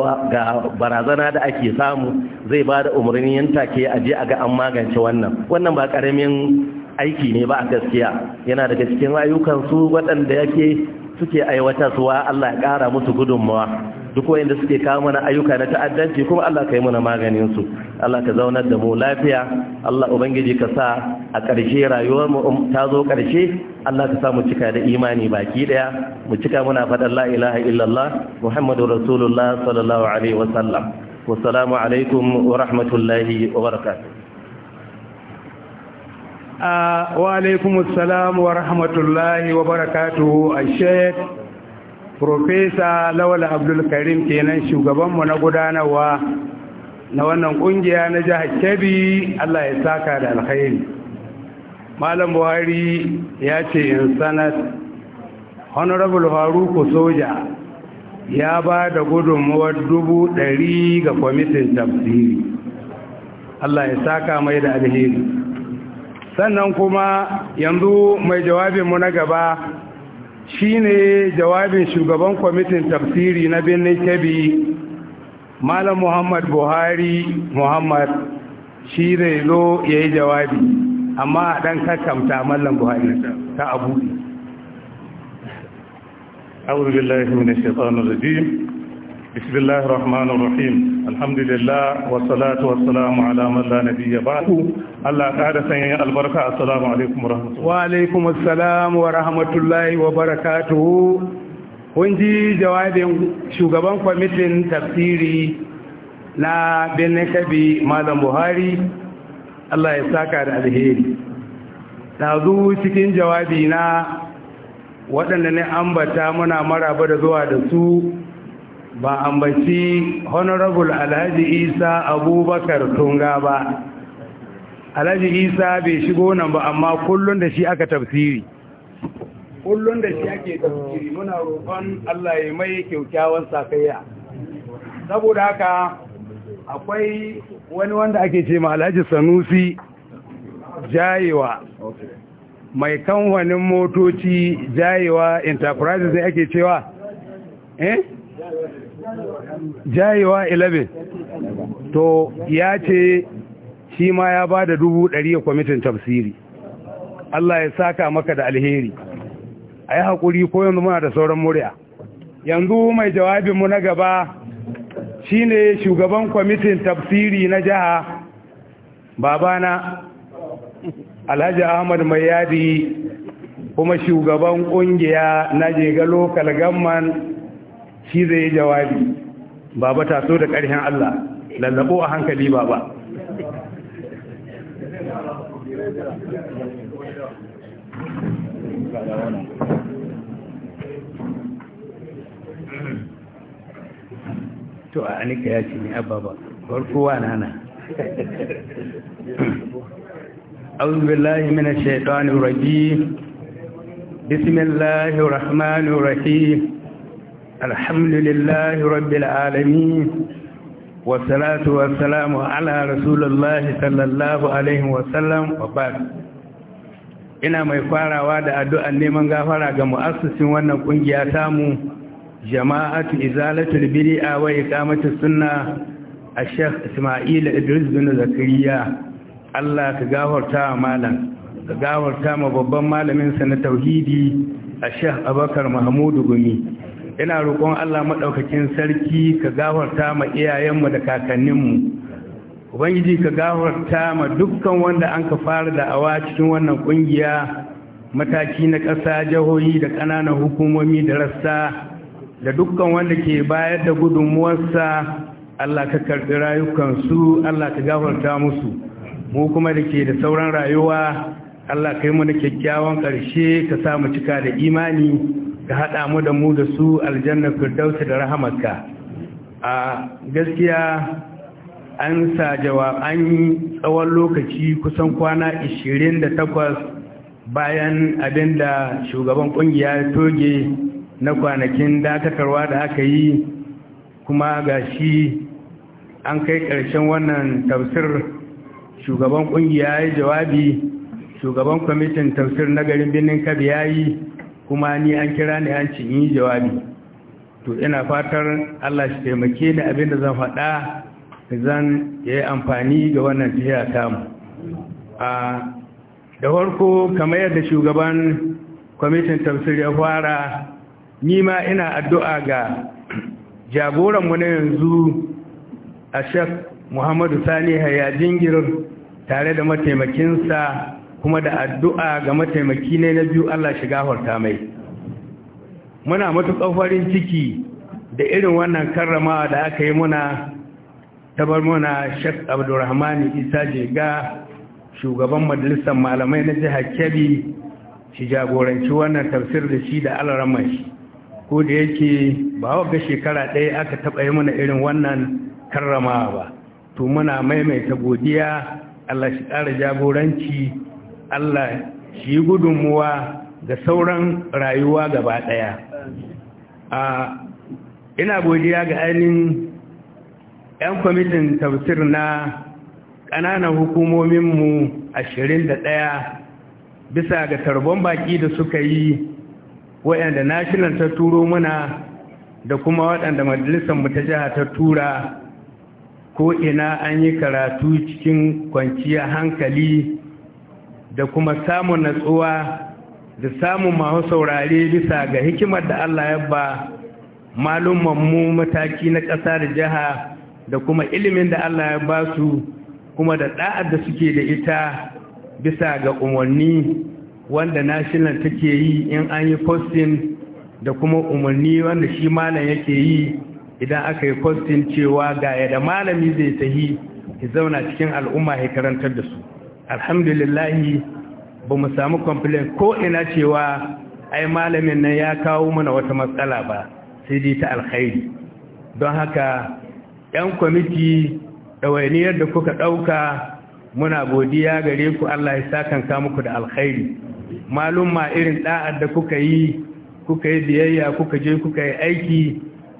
barazana da ake samu zai ba da umarni yan take a je a ga an magance wannan wannan ba karamin aiki ne ba a gaskiya yana daga cikin ayyukan su waɗanda yake suke aiwatarwa Allah ya ƙara musu gudunmawa duk wanda suke kawo mana ayyuka na ta'addanci kuma Allah ka yi mana maganin su Allah ka zaunar da mu lafiya Allah ubangiji ka sa a ƙarshe rayuwar mu um, ta zo ƙarshe Allah ka sa mu cika da imani baki daya mu cika muna faɗan la ilaha illallah muhammadu rasulullah sallallahu alaihi wa sallam wassalamu alaikum wa rahmatullahi wa barakatuh ah, wa alaikumussalam wa rahmatullahi wa barakatuhu a Profesa Lawal Abdulkarim kenan shugabanmu na gudanarwa na wannan kungiya na jihar Kebbi Allah ya saka da alkhairi. Malam Buhari ya ce in sanar Honorable Faruku Soja ya ba da gudunmuwar dubu ɗari ga kwamitin tafsiri. Allah ya saka mai da alheri. Sannan kuma yanzu mai jawabinmu na gaba shine jawabin shugaban kwamitin tafsiri na birnin kebbi malam muhammad buhari muhammad shi zai zo ya yi jawabi amma a ɗan kakamta mallam buhari ta abu أعوذ بالله من الشيطان الرجيم بسم الله الرحمن الرحيم الحمد لله والصلاة والسلام على من لا نبي بعد الله تعالى سنين البركة السلام عليكم ورحمة الله وعليكم السلام ورحمة الله وبركاته kunji jawabin shugaban kwamitin tafsiri na birnin kabi malam buhari allah ya saka da alheri ɗazu cikin jawabi na waɗanda ne ambata muna maraba da zuwa da su ba ambaci honorable alhaji isa abubakar tunga ba alhaji isa bai shigo nan ba amma kullum da shi aka tafsiri kullum da shi ake tafsiri muna roƙon allah ya mai kyaukyawan sakayya saboda haka akwai wani wanda ake ce ma alhaji sanusi jayewa mai kamfanin motoci jayewa enterprises ne ake cewa eh jayewa 11 to ya ce shi ma ya ba da dubu ɗari a kwamitin tafsiri Allah ya saka maka da alheri a yi haƙuri ko yanzu muna da sauran murya yanzu mai jawabinmu na gaba shi ne shugaban kwamitin tafsiri na jiha babana alhaji ahmad mai yadi kuma shugaban ƙungiya na jega lokal gamman shi zai yi jawabi baba taso da ƙarshen Allah lallabo a hankali baba to a anika ya ce ne ababa na nana أعوذ بالله من الشيطان الرجيم بسم الله الرحمن الرحيم الحمد لله رب العالمين والصلاة والسلام على ala الله sallallahu alaihi wa sallam وبعد ina mai farawa da addu'an neman gafara ga mu'assasin wannan kungiya mu. jama'atu izalatul bid'a wa iqamatus sunna a Sheikh Isma'il Idris bin Zakariya Allah ka gafarta wa malam ka gafarta ma babban malamin sa na tauhidi a Sheikh Abakar Mahmudu Gumi ina roƙon Allah maɗaukakin sarki ka gafarta ma iyayenmu da kakanninmu ubangiji ka gafarta ma dukkan wanda an ka fara da cikin wannan ƙungiya mataki na ƙasa jihohi da ƙananan hukumomi da rassa da dukkan wanda ke bayar da gudunmuwarsa Allah ka karɓi rayukansu Allah ka gafarta musu mu kuma da ke da sauran rayuwa Allah yi mu da kyakkyawan ƙarshe ka sa mu cika da imani ka haɗa mu da mu da su aljanna firdausi da rahamarka a gaskiya an sa jawab an yi tsawon lokaci kusan kwana 28 bayan abin da shugaban kungiya toge na kwanakin dakatarwa da aka yi kuma ga shi an kai ƙarshen wannan tafsir shugaban kungiya ya yi jawabi shugaban kwamitin tafsir na garin birnin kabi ya yi kuma ni an kira ni an ci yi jawabi to ina fatar Allah shi taimake ni abin da zan faɗa zan yi amfani ga wannan tafiya mu a da farko kamar yadda shugaban kwamitin tafsir ya fara ni ma ina addu'a ga jagoran mu na yanzu a shek muhammadu sani hayajin tare da mataimakinsa kuma da addu'a ga mataimaki ne na biyu Allah shiga horta mai muna matuƙar farin ciki da irin wannan karrama da aka yi muna tabar muna Sheikh Abdulrahman Isa Jega shugaban majalisar malamai na jihar Kebbi shi jagoranci wannan tafsir da shi da alaramar shi ko da yake ba ga shekara ɗaya aka taɓa yi muna irin wannan karrama ba to muna maimaita godiya Allah shi ƙara jagoranci Allah shi gudunmuwa ga sauran rayuwa gaba ɗaya a ina godiya ga ainihin 'yan kwamitin tafsir na ƙananan hukumominmu ashirin da ɗaya bisa ga tarbon baƙi da suka yi waɗanda national ta turo muna da kuma waɗanda mu ta jiha ta tura ko ina an yi karatu cikin kwanciya hankali da kuma samun natsuwa da samun masu saurare bisa ga hikimar da Allah ya ba mu mataki na ƙasa da jiha da kuma ilimin da Allah ya ba su kuma da ɗa'ar da suke da ita bisa ga umarni wanda national take yi in an yi posting da kuma umarni wanda shi malam yake yi idan aka yi posting cewa ga yadda malami zai tahi ya zauna cikin al'umma ya karantar da su alhamdulillahi ba mu samu complain ko ina cewa ai malamin nan ya kawo mana wata matsala ba sai dai ta alkhairi don haka 'yan kwamiti ɗawainiyar da kuka ɗauka muna godiya gare ku Allah ya sa sakanka muku da alkhairi malum ma irin da'ar da kuka yi kuka yi biyayya kuka je kuka yi aiki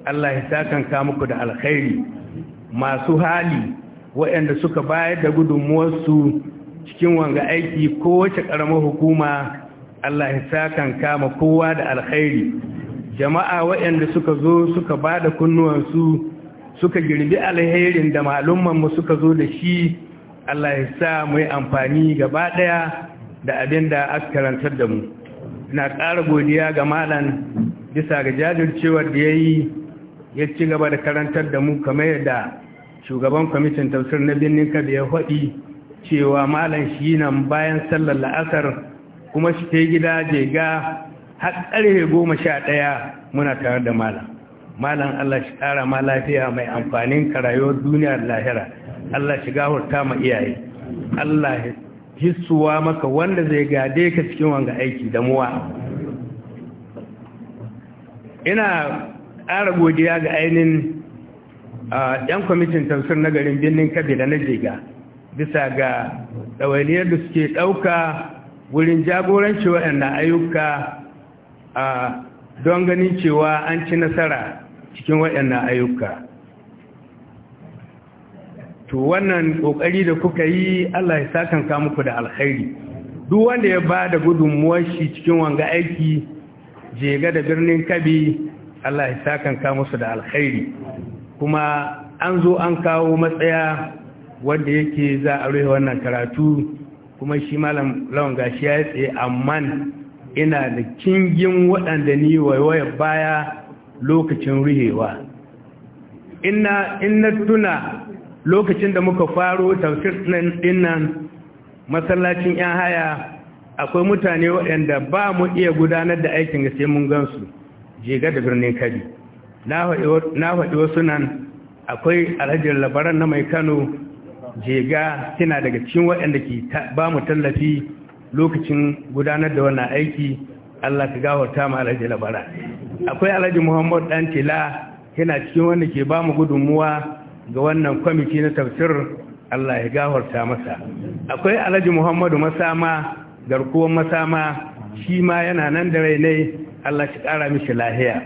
Allah ya sa kanka muku da alkhairi masu hali waɗanda suka bayar da gudunmuwarsu cikin wanga aiki ko wace ƙaramar hukuma Allah ya sakan kama kowa da alkhairi jama'a waɗanda suka zo suka bada da kunnuwansu suka girbi alherin da mu suka zo da shi Allah ya sa mu yi amfani gaba ɗaya da abin da aka karantar da mu Ina ƙara godiya ga malam bisa ga jajircewar da ya yi ya ci gaba da karantar da mu kamar yadda shugaban kwamitin tafsir na birnin kabe ya faɗi cewa malam shi nan bayan sallar la'asar kuma shi ta gida ga har ƙarfe goma sha ɗaya muna tare da malam malam Allah shi ƙara ma lafiya mai amfanin karayuwar da lahira Allah shi gahurta ma iyaye Allah hissuwa maka wanda zai gade ka cikin wanga aiki da muwa ina ƙara godiya ga ainihin ah, 'yan kwamitin tafsir na garin birnin kabe na jega bisa ga ɗawainiyar da suke ɗauka wurin jagoranci waɗannan ayyuka a don ganin cewa an ci nasara cikin waɗannan ayyuka to wannan ƙoƙari da kuka yi Allah ya sakan kama ku da alkhairi duk wanda ya ba da gudunmuwar shi cikin wanga aiki jega da birnin kabi Allah ya sakan kama su da alkhairi kuma an zo an kawo matsaya wanda yake za a rufe wannan karatu kuma shi malam lawan gashi ya tsaye amma ina da kingin waɗanda ni waiwaye baya lokacin ruhewa ina ina tuna lokacin da muka faro tafsir dinnan masallacin yan haya akwai mutane waɗanda ba mu iya gudanar da aikin ga sai mun gansu jega da birnin kadi na faɗi wasu nan akwai alhaji labaran na mai kano jega kina daga cikin waɗanda ke ba mu tallafi lokacin gudanar da wannan aiki Allah ka gawarta ma alhaji labara akwai alhaji muhammad dan tila yana cikin wanda ke ba mu gudunmuwa ga wannan kwamiti na tafsir Allah ya gawarta masa akwai alhaji muhammadu masama garkuwan masama shi ma yana nan da rai ne Allah shi kara mishi lahiya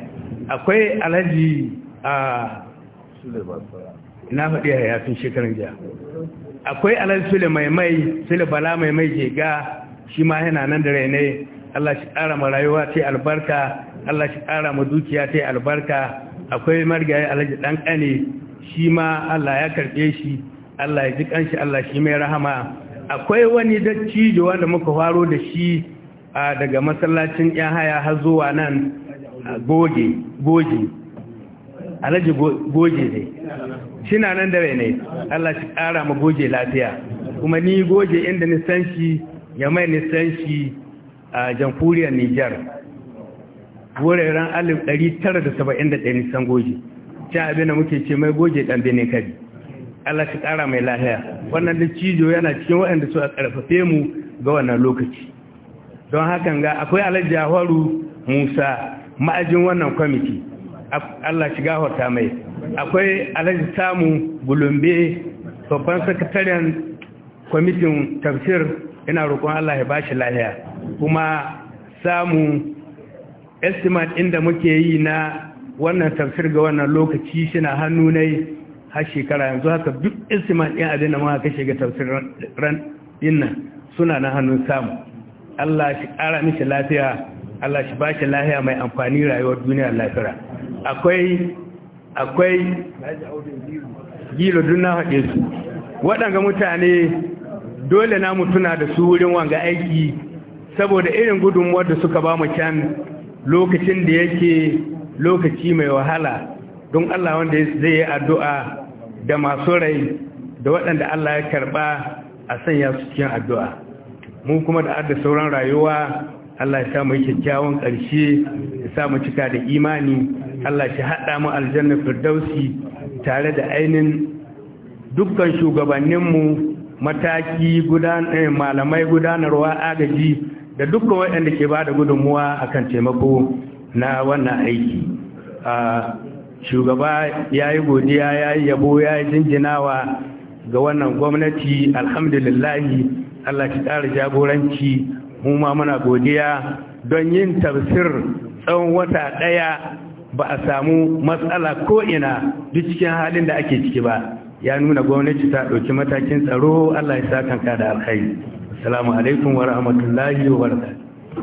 akwai alhaji a ah, na faɗi yafin shekaran jiya akwai alal fili mai mai fili bala mai mai ga. shi ma yana nan da rainai Allah shi ƙara ma rayuwa ta albarka Allah shi ƙara ma dukiya ta albarka akwai margaye alhaji ɗan ƙane shi ma Allah ya karɓe shi Allah ya ji ƙanshi Allah shi mai rahama akwai wani dattijo wanda muka faro da shi daga masallacin 'yan haya har zuwa nan goge goge alhaji goje ne shina nan da ne Allah shi ƙara ma goje lafiya kuma ni goje inda san shi ya mai san shi a jamhuriyar Nijar wuraren 1971 nisan goje can abin da muke ce mai goje dan bene kadi Allah shi ƙara mai lafiya wannan da cijo yana cikin waɗanda su a karfafe mu ga wannan lokaci don hakan ga akwai alhaji Jawaru musa ma'ajin wannan kwamiti Allah shi gafarta mai akwai alhaji samu gulumbe babban sakataren kwamitin tafsir ina roƙon Allah ya bashi lahiya kuma samu estimate inda muke yi na wannan tafsir ga wannan lokaci shina hannu ne har shekara yanzu haka duk estimate ɗin abin da muka kashe ga tafsir ran dinnan suna na hannun samu Allah shi ƙara mishi lafiya Allah shi ba shi lahiya mai amfani rayuwar duniya lafira akwai akwai gilo dun na haɗe su waɗanga mutane dole na mutuna da su wurin wanga aiki saboda irin gudun da suka ba mu can lokacin da yake lokaci mai wahala don Allah wanda zai yi addu'a da masu rai da waɗanda Allah ya karɓa a sanya su cikin addu'a mun kuma da adda sauran rayuwa Allah ya samu kyakkyawan ƙarshe ya sa cika da imani Allah shi haɗa mu aljanna firdausi tare da ainin dukkan shugabanninmu mataki eh, malamai gudanarwa agaji da dukkan waɗanda ke ba da gudunmuwa a kan taimako na wannan aiki shugaba ya yi godiya ya yi yabo ya yi jinjinawa ga wannan gwamnati alhamdulillahi allah ki ƙara jagoranci mu ma muna godiya don yin tafsir tsawon wata ɗaya ba a samu matsala ko ina duk cikin halin da ake ciki ba ya nuna gwamnati ta ɗauki matakin tsaro Allah ya sa kanka da alkhairi assalamu alaikum wa rahmatullahi wa barakatuh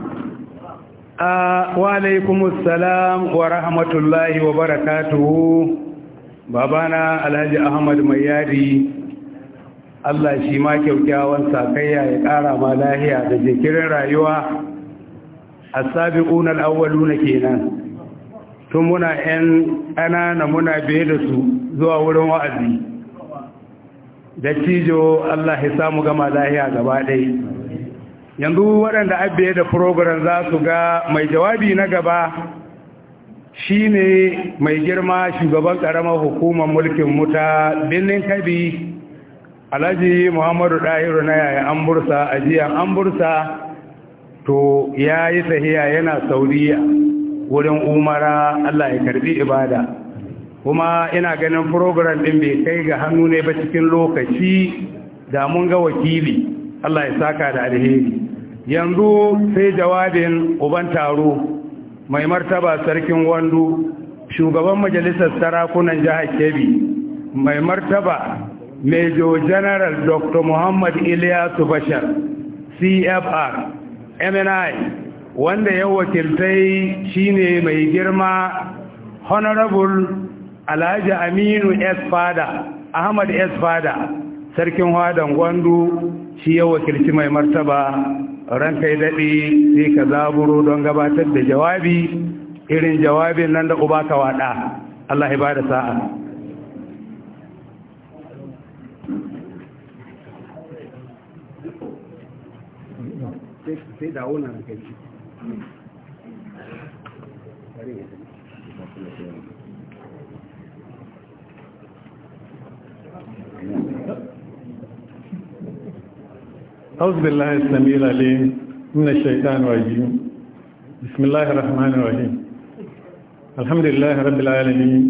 ah, wa alaikumus salam wa rahmatullahi wa barakatuhu babana alhaji ahmad mai Allah shi ma kyaukyawan sakayya ya ƙara ma lahiya da jikirin rayuwa a sabi'un al'awwalu na kenan tun muna 'yan ƙanana muna biye da su zuwa wurin wa'azi da cijo Allah ya samu gama lahiya gaba ɗai yanzu waɗanda abiye da program za su ga mai jawabi na gaba shine mai girma shugaban ƙaramar hukumar mulkin muta birnin kabi alhaji muhammadu ɗahiru na yaya an bursa a jiya an bursa to ya yi tahiya yana sauriya wurin umara allah ya karbi ibada kuma ina ganin program ɗin bai kai ga hannu ne ba cikin lokaci da mun ga wakili allah ya saka da alheri yanzu sai jawabin uban taro mai martaba sarkin wandu shugaban majalisar sarakunan jihar kebbi mai martaba major general dr muhammad ilyasu bashar cfr mni wanda ya wakiltai shine mai girma honorable alhaji aminu s fada ahmad s fada sarkin hadan gwandu shi ya wakilci mai martaba rankai kai daɗe sai ka zaburo don gabatar da jawabi irin jawabin nan da uba ka waɗa allah ya ba da sa'a sai dawo أعوذ بالله السميع العليم من الشيطان الرجيم بسم الله الرحمن الرحيم الحمد لله رب العالمين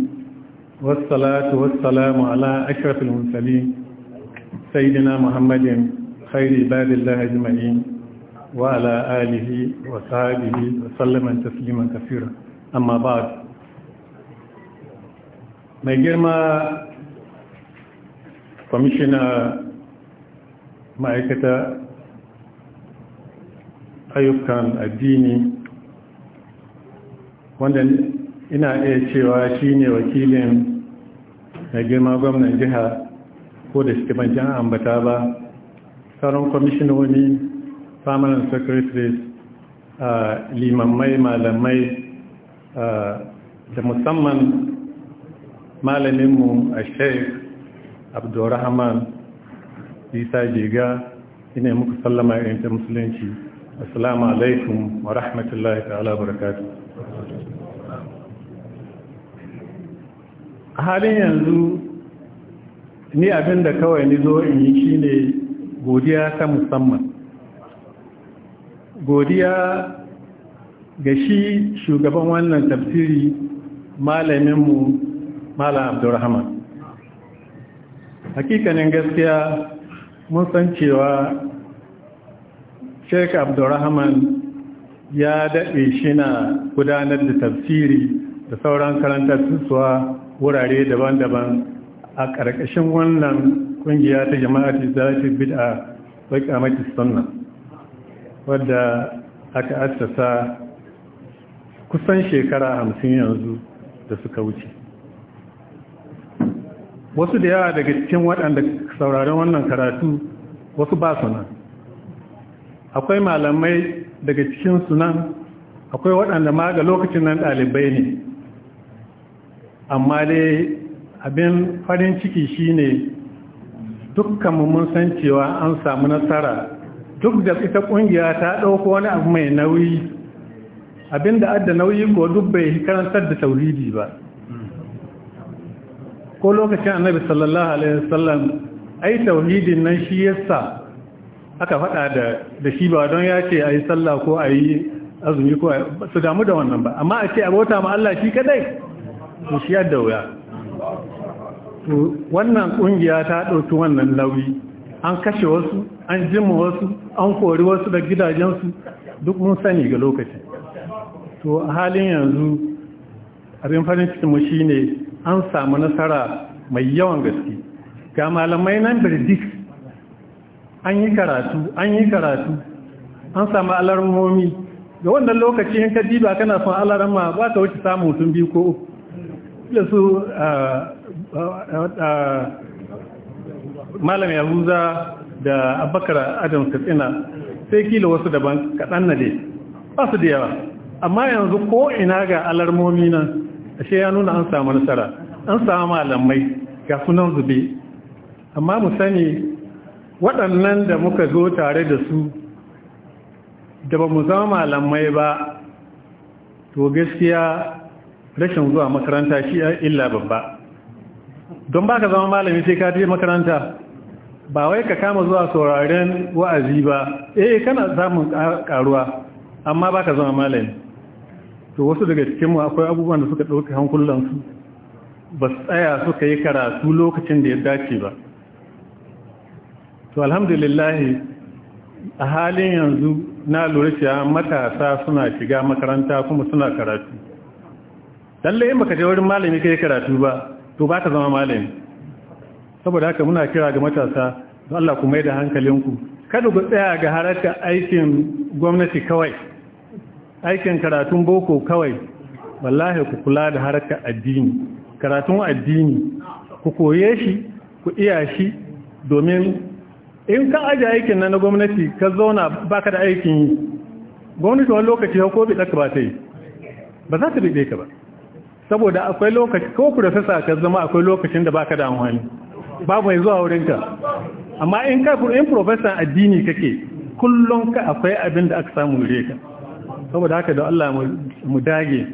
والصلاة والسلام على أشرف المرسلين سيدنا محمد خير عباد الله أجمعين وعلى آله وصحبه وسلم تسليما كثيرا أما بعد mai girma kwamishina ma'aikata ayyukan addini wanda ina iya cewa shi ne wakilin mai girma gwamnan jiha ko da shi ban ambata ba sauran kwamishinoni permanent secretaries uh, limamai malamai uh, da musamman malaminmu a sheik abdurrahman isa jiga ina muku sallama a ta musulunci assalamu alaikum wa rahmatullahi ta'ala barakatu a halin yanzu ni abinda kawai ni zo in yi shi ne godiya ta musamman godiya ga shi shugaban wannan tafsiri malaminmu malam abdurrahman hakikanin gaskiya mun san cewa sheik abdurrahman ya daɗe shi na gudanar da tafsiri da sauran karantar sussuwa wurare daban-daban a ƙarƙashin wannan ƙungiya ta jama'a ta zafi bid'a wa ƙamati wadda aka assasa kusan shekara hamsin yanzu da suka wuce wasu da yawa daga cikin waɗanda sauraron wannan karatu wasu ba su nan. akwai malamai daga cikin sunan akwai waɗanda ma ga lokacin nan ɗalibai ne amma dai abin farin ciki shine dukkan mun san cewa an samu nasara duk da ita ƙungiya ta ɗauko wani abu mai nauyi abinda adda nauyi ko duk bai karantar da tauridi ba ko lokacin annabi sallallahu alaihi wasallam ai tauhidin nan shi yasa aka faɗa da da shi ba don ya ce ai sallah ko ai azumi ko su damu da wannan ba amma a ce abota ma Allah shi kadai to shi yadda wuya wannan kungiya ta dauki wannan nauyi an kashe wasu an jima wasu an kori wasu da gidajensu duk mun sani ga lokacin to a halin yanzu abin farin cikinmu shi ne an samu nasara mai yawan gaske ga malamai nan birdik an yi karatu an yi karatu an samu alarmomi ga wannan lokacin in ka diba kana son alarma ba ka wuce samun mutum biyu ko uku da malam yahuza da abakar adam katsina sai kila wasu daban kaɗan na dai ba su da yawa amma yanzu ko ina ga alarmomi nan ashe ya nuna an samu nasara an samu malamai ga sunan zube amma mu sani waɗannan da muka zo tare da su da ba mu zama malamai ba to gaskiya rashin zuwa makaranta shi illa babba don ba ka zama malami sai ka je makaranta ba wai ka kama zuwa sauraren wa'azi ba e kana samun karuwa amma ba ka zama malami to wasu daga cikin mu akwai abubuwan da suka hankulansu hankulan su ba tsaya suka yi karatu lokacin da ya dace ba to alhamdulillah a halin yanzu na lura cewa matasa suna shiga makaranta kuma suna karatu Lallai in baka je wurin malami kai karatu ba to ba baka zama malami saboda haka muna kira ga matasa don Allah ku mai da hankalinku kada ku tsaya ga harakar aikin gwamnati kawai aikin karatun boko kawai wallahi ku kula da harakar addini karatun addini ku koye shi ku iya shi domin in ka aje aikin na na gwamnati ka zauna baka da aikin yi gwamnati wani lokaci ko bi daka ba ta yi ba za ta bi ka ba saboda akwai lokaci ko ku da fasa ka zama akwai lokacin da baka da amfani ba mai zuwa wurinka amma in ka in professor addini kake kullum ka akwai abin da aka samu gare ka saboda haka da Allah mu dage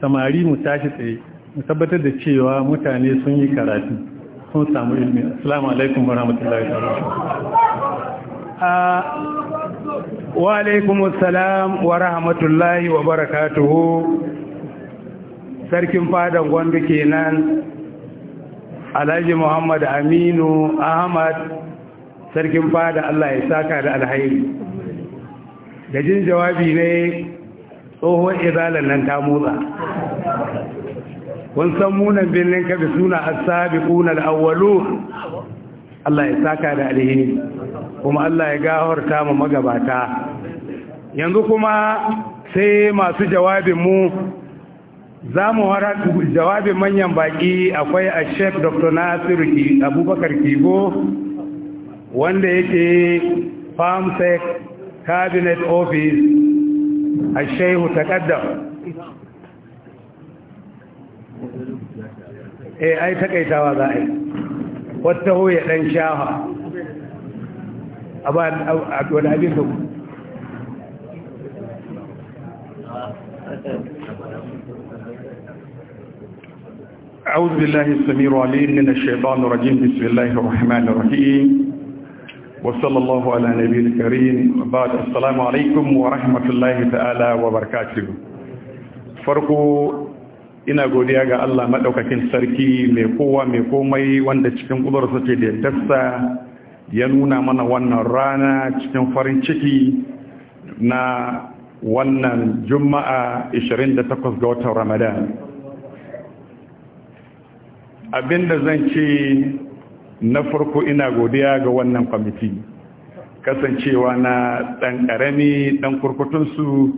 samari mu tashi tsaye mu tabbatar da cewa mutane sun yi karatu sun samu ilimi assalamu alaikum warahmatullahi wabarakatuh ah, wa alaikum assalam wa rahmatullahi wa barakatuh sarkin fadan gwandu kenan alhaji muhammad aminu ahmad sarkin fada allah ya saka da alhairi da jin jawabi ne tsohon izalar nan ta motsa kun san munan birnin kabi suna asabi ƙunar awwalu allah ya saka da alheri kuma allah ya gawarta ma magabata yanzu kuma sai masu jawabin mu za mu wara jawabin manyan baki akwai a chef dr nasiru abubakar kibo wanda yake tech cabinet office a shehu takaddam E, ai takaitawa za a yi wata hoya dan shaha a ba abin da ku أعوذ بالله السميع العليم من الشيطان الرجيم بسم الله الرحمن الرحيم وصلى الله على نبي الكريم وبعد السلام عليكم ورحمة الله تعالى وبركاته farko ina godiya ga Allah maɗaukakin sarki mai kowa mai komai wanda cikin ƙudurarsa ce da dasa ya nuna mana wannan rana cikin farin ciki na wannan juma'a 28 ga watan ramadan Abin da zan ce na farko ina godiya ga wannan kwamiti kasancewa na ɗan ƙarami ɗan kurkutunsu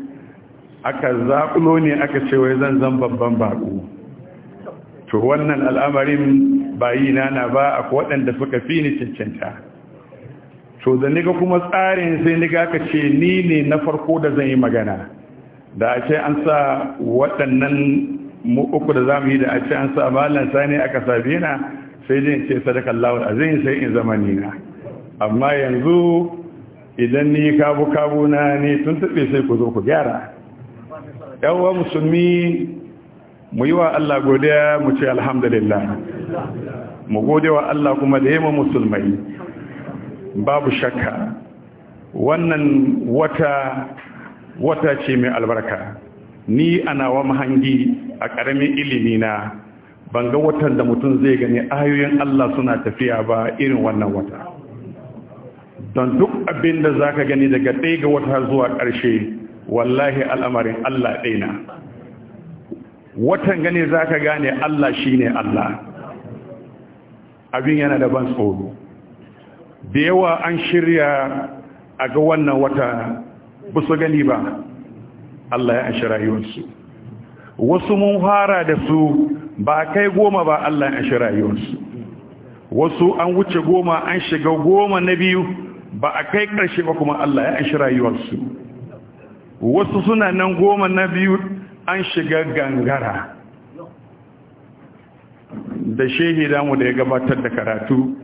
aka zaƙulo ne aka ce wai zan zan babban baƙo to wannan al'amarin bayi na na ba a waɗanda suka fi ni cancanta to da niga kuma tsarin sai niga ka ce ni ne na farko da zan yi magana da a ce an sa waɗannan mu uku da zamu yi da a ce an sa malan sani aka sabe na sai dai ce sadakallahu azin sai in zamani na amma yanzu idan ni kabu kabu na ne tun tabe sai ku zo ku gyara yawa musulmi mu yi wa Allah godiya mu ce alhamdulillah mu gode wa Allah kuma da yema musulmai babu shakka wannan wata wata ce mai albarka ni a nawa mahangi a ƙaramin ilimi na ban ga watan da mutum zai gani ayoyin Allah suna tafiya ba irin wannan wata don duk abin da za ka gani daga ɗaya ga wata zuwa ƙarshe wallahi al'amarin Allah ɗai na watan gani za ka gane Allah shi ne Allah abin yana da ban tsoro da yawa an shirya a ga wannan wata busu gani ba Allah ya anshi rayuwarsu wasu mun fara da su ba kai goma ba Allah ya anshi rayuwarsu wasu an wuce goma an shiga goma na biyu ba a kai ƙarshe ba kuma Allah ya anshi rayuwarsu wasu suna nan goma na biyu an shiga gangara da shehi damu da ya gabatar da karatu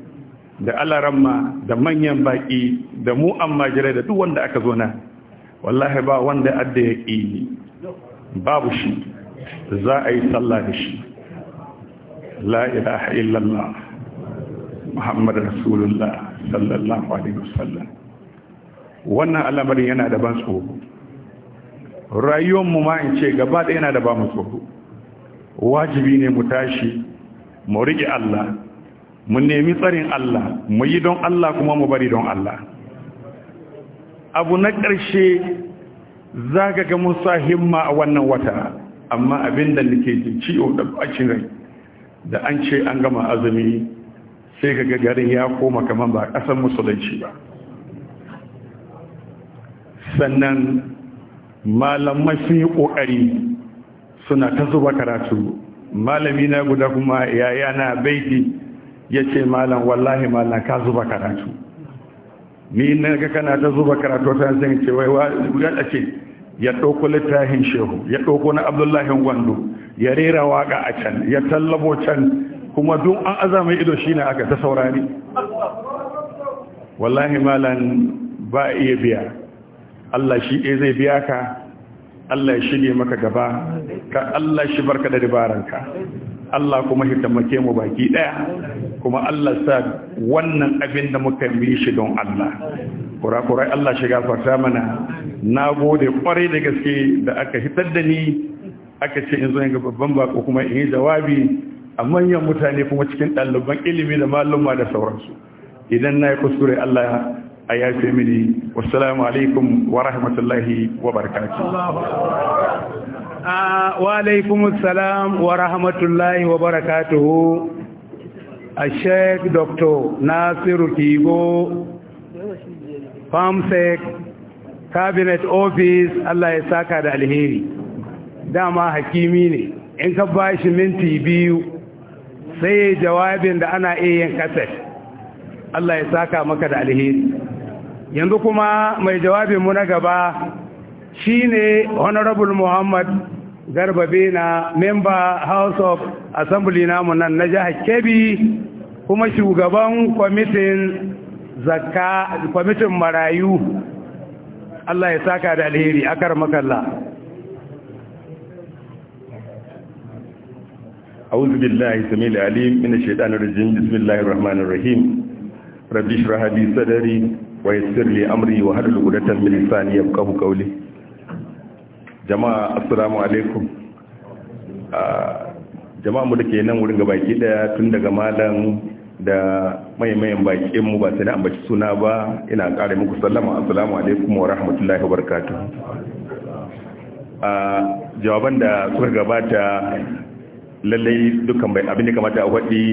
da alaramma da manyan baƙi da mu amma jirai da duk wanda aka zo na wallahi ba wanda adda ya ƙini babu shi za a yi sallah da shi la ilaha illallah muhammad rasulullah sallallahu alaihi wasallam wannan al'amarin yana da ban tsoro Rayuwar ma in ce gaba ɗaya yana da ba mu tsoro wajibi ne mu tashi mu riƙe Allah mu nemi tsarin Allah mu yi don Allah kuma mu bari don Allah abu na ƙarshe za ka ga musa himma a wannan wata amma abin da nake ciwo da ɓacin rai da an ce an gama azumi sai ka ga garin ya koma kamar ba ƙasar musulunci ba sannan malamai sun yi ƙoƙari suna ta zuba karatu malami na guda kuma yayana baiti ya ce malam wallahi malam ka zuba karatu ni na ga kana ta zuba karatu ta zan ce wai wa a ce ya dauko littafin shehu ya dauko na abdullahi gwando ya rera waka a can ya tallabo can kuma duk an azama ido shine aka ta saurari wallahi malan ba iya biya Allah shi zai biya ka Allah ya shige maka gaba ka Allah shi barka da dabaranka Allah kuma shi mu baki daya kuma Allah sa wannan abin da muka yi shi don Allah kura kurakurai Allah shi gafarta mana na gode kwarai da gaske da aka hitar da ni aka ce in zo ga babban bako kuma in yi jawabi a manyan mutane kuma cikin ɗaliban ilimi da malluma da sauransu idan na yi kuskure Allah a yafe mini wasu alaikum wa rahmatullahi wa barakatuh ah, wa alaikum salam wa rahmatullahi wa barakatu. a sheik dr nasiru kigo farmsec cabinet office allah ya saka da alheri dama hakimi ne in ka bashi minti biyu sai jawabin da ana iya yin kasar allah ya saka maka da alheri yanzu kuma mai jawabin mu na gaba shine honorable muhammad garba bena member house of assembly namu nan na jihar kebbi kuma shugaban kwamitin zakka kwamitin marayu allah ya saka da alheri akar makalla أعوذ بالله السميع العليم من الشيطان الرجيم بسم الله الرحمن الرحيم رب اشرح لي صدري ويسر لي أمري وهل عقدة من لساني يفقه قولي جماعة السلام عليكم jama'a mu da ke nan wurin gabaki daya tun daga malam da maimayan bakin mu ba sai na ambaci suna ba ina ƙara muku sallama assalamu alaikum wa rahmatullahi wa barakatuh a jawaban da suka gabata lallai dukkan bai abin da kamata a waɗi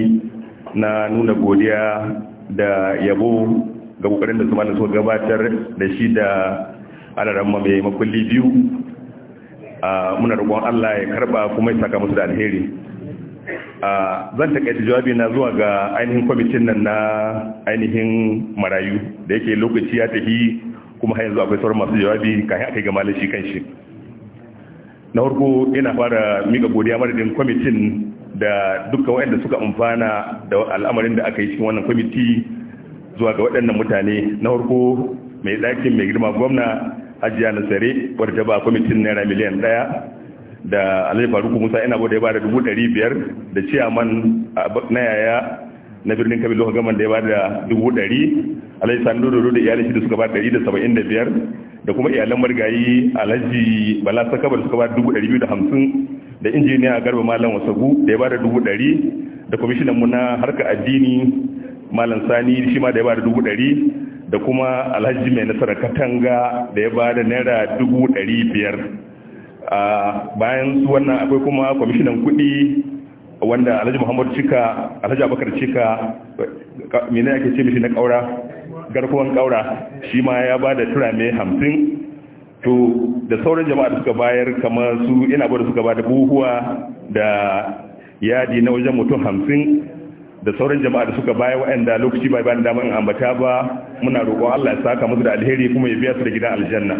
na nuna godiya da yabo ga kokarin da su malam suka gabatar da shi da alaran mai makulli biyu a muna roƙon Allah ya karba kuma ya saka musu da alheri a zan takaita jawabi na zuwa ga ainihin kwamitin nan na ainihin marayu da yake lokaci ya tafi kuma har yanzu akwai sauran masu jawabi kafin akai ga kan shi kanshi na farko ina fara mika godiya madadin kwamitin da dukkan wa'anda suka amfana da al'amarin da aka yi cikin wannan kwamiti zuwa ga waɗannan mutane na farko mai ɗakin mai girma gwamna hajiya nasare wadda ta ba kwamitin naira miliyan ɗaya da alhaji faruku musa ina bude ya ba da dubu ɗari biyar da ciyaman na yaya na birnin kabin lokacin gaman da ya ba da dubu ɗari alhaji sani dodo da iyalin shida suka ba ɗari da saba'in da biyar da kuma iyalan margayi alhaji bala sakabar suka ba dubu ɗari biyu da hamsin da injiniya garba malam wasagu da ya ba da dubu ɗari da kwamishinan mu na harkar addini malam sani shi ma da ya da dubu ɗari da kuma alhaji mai nasarar katanga da ya da naira dubu ɗari biyar bayan su wannan akwai kuma kwamishinan kuɗi wanda alhaji muhammadu cika alhaji abakar cika mene ake ce mishi na ƙaura garkuwan ƙaura shi ma ya ba da turame hamsin to da sauran jama'a da suka bayar kamar su ina da suka ba da buhuwa da yadi na wajen mutum hamsin da sauran jama'a da suka baya waɗanda lokaci bai bani dama in ambata ba muna roƙon Allah ya saka musu da alheri kuma ya biya su da gidan aljanna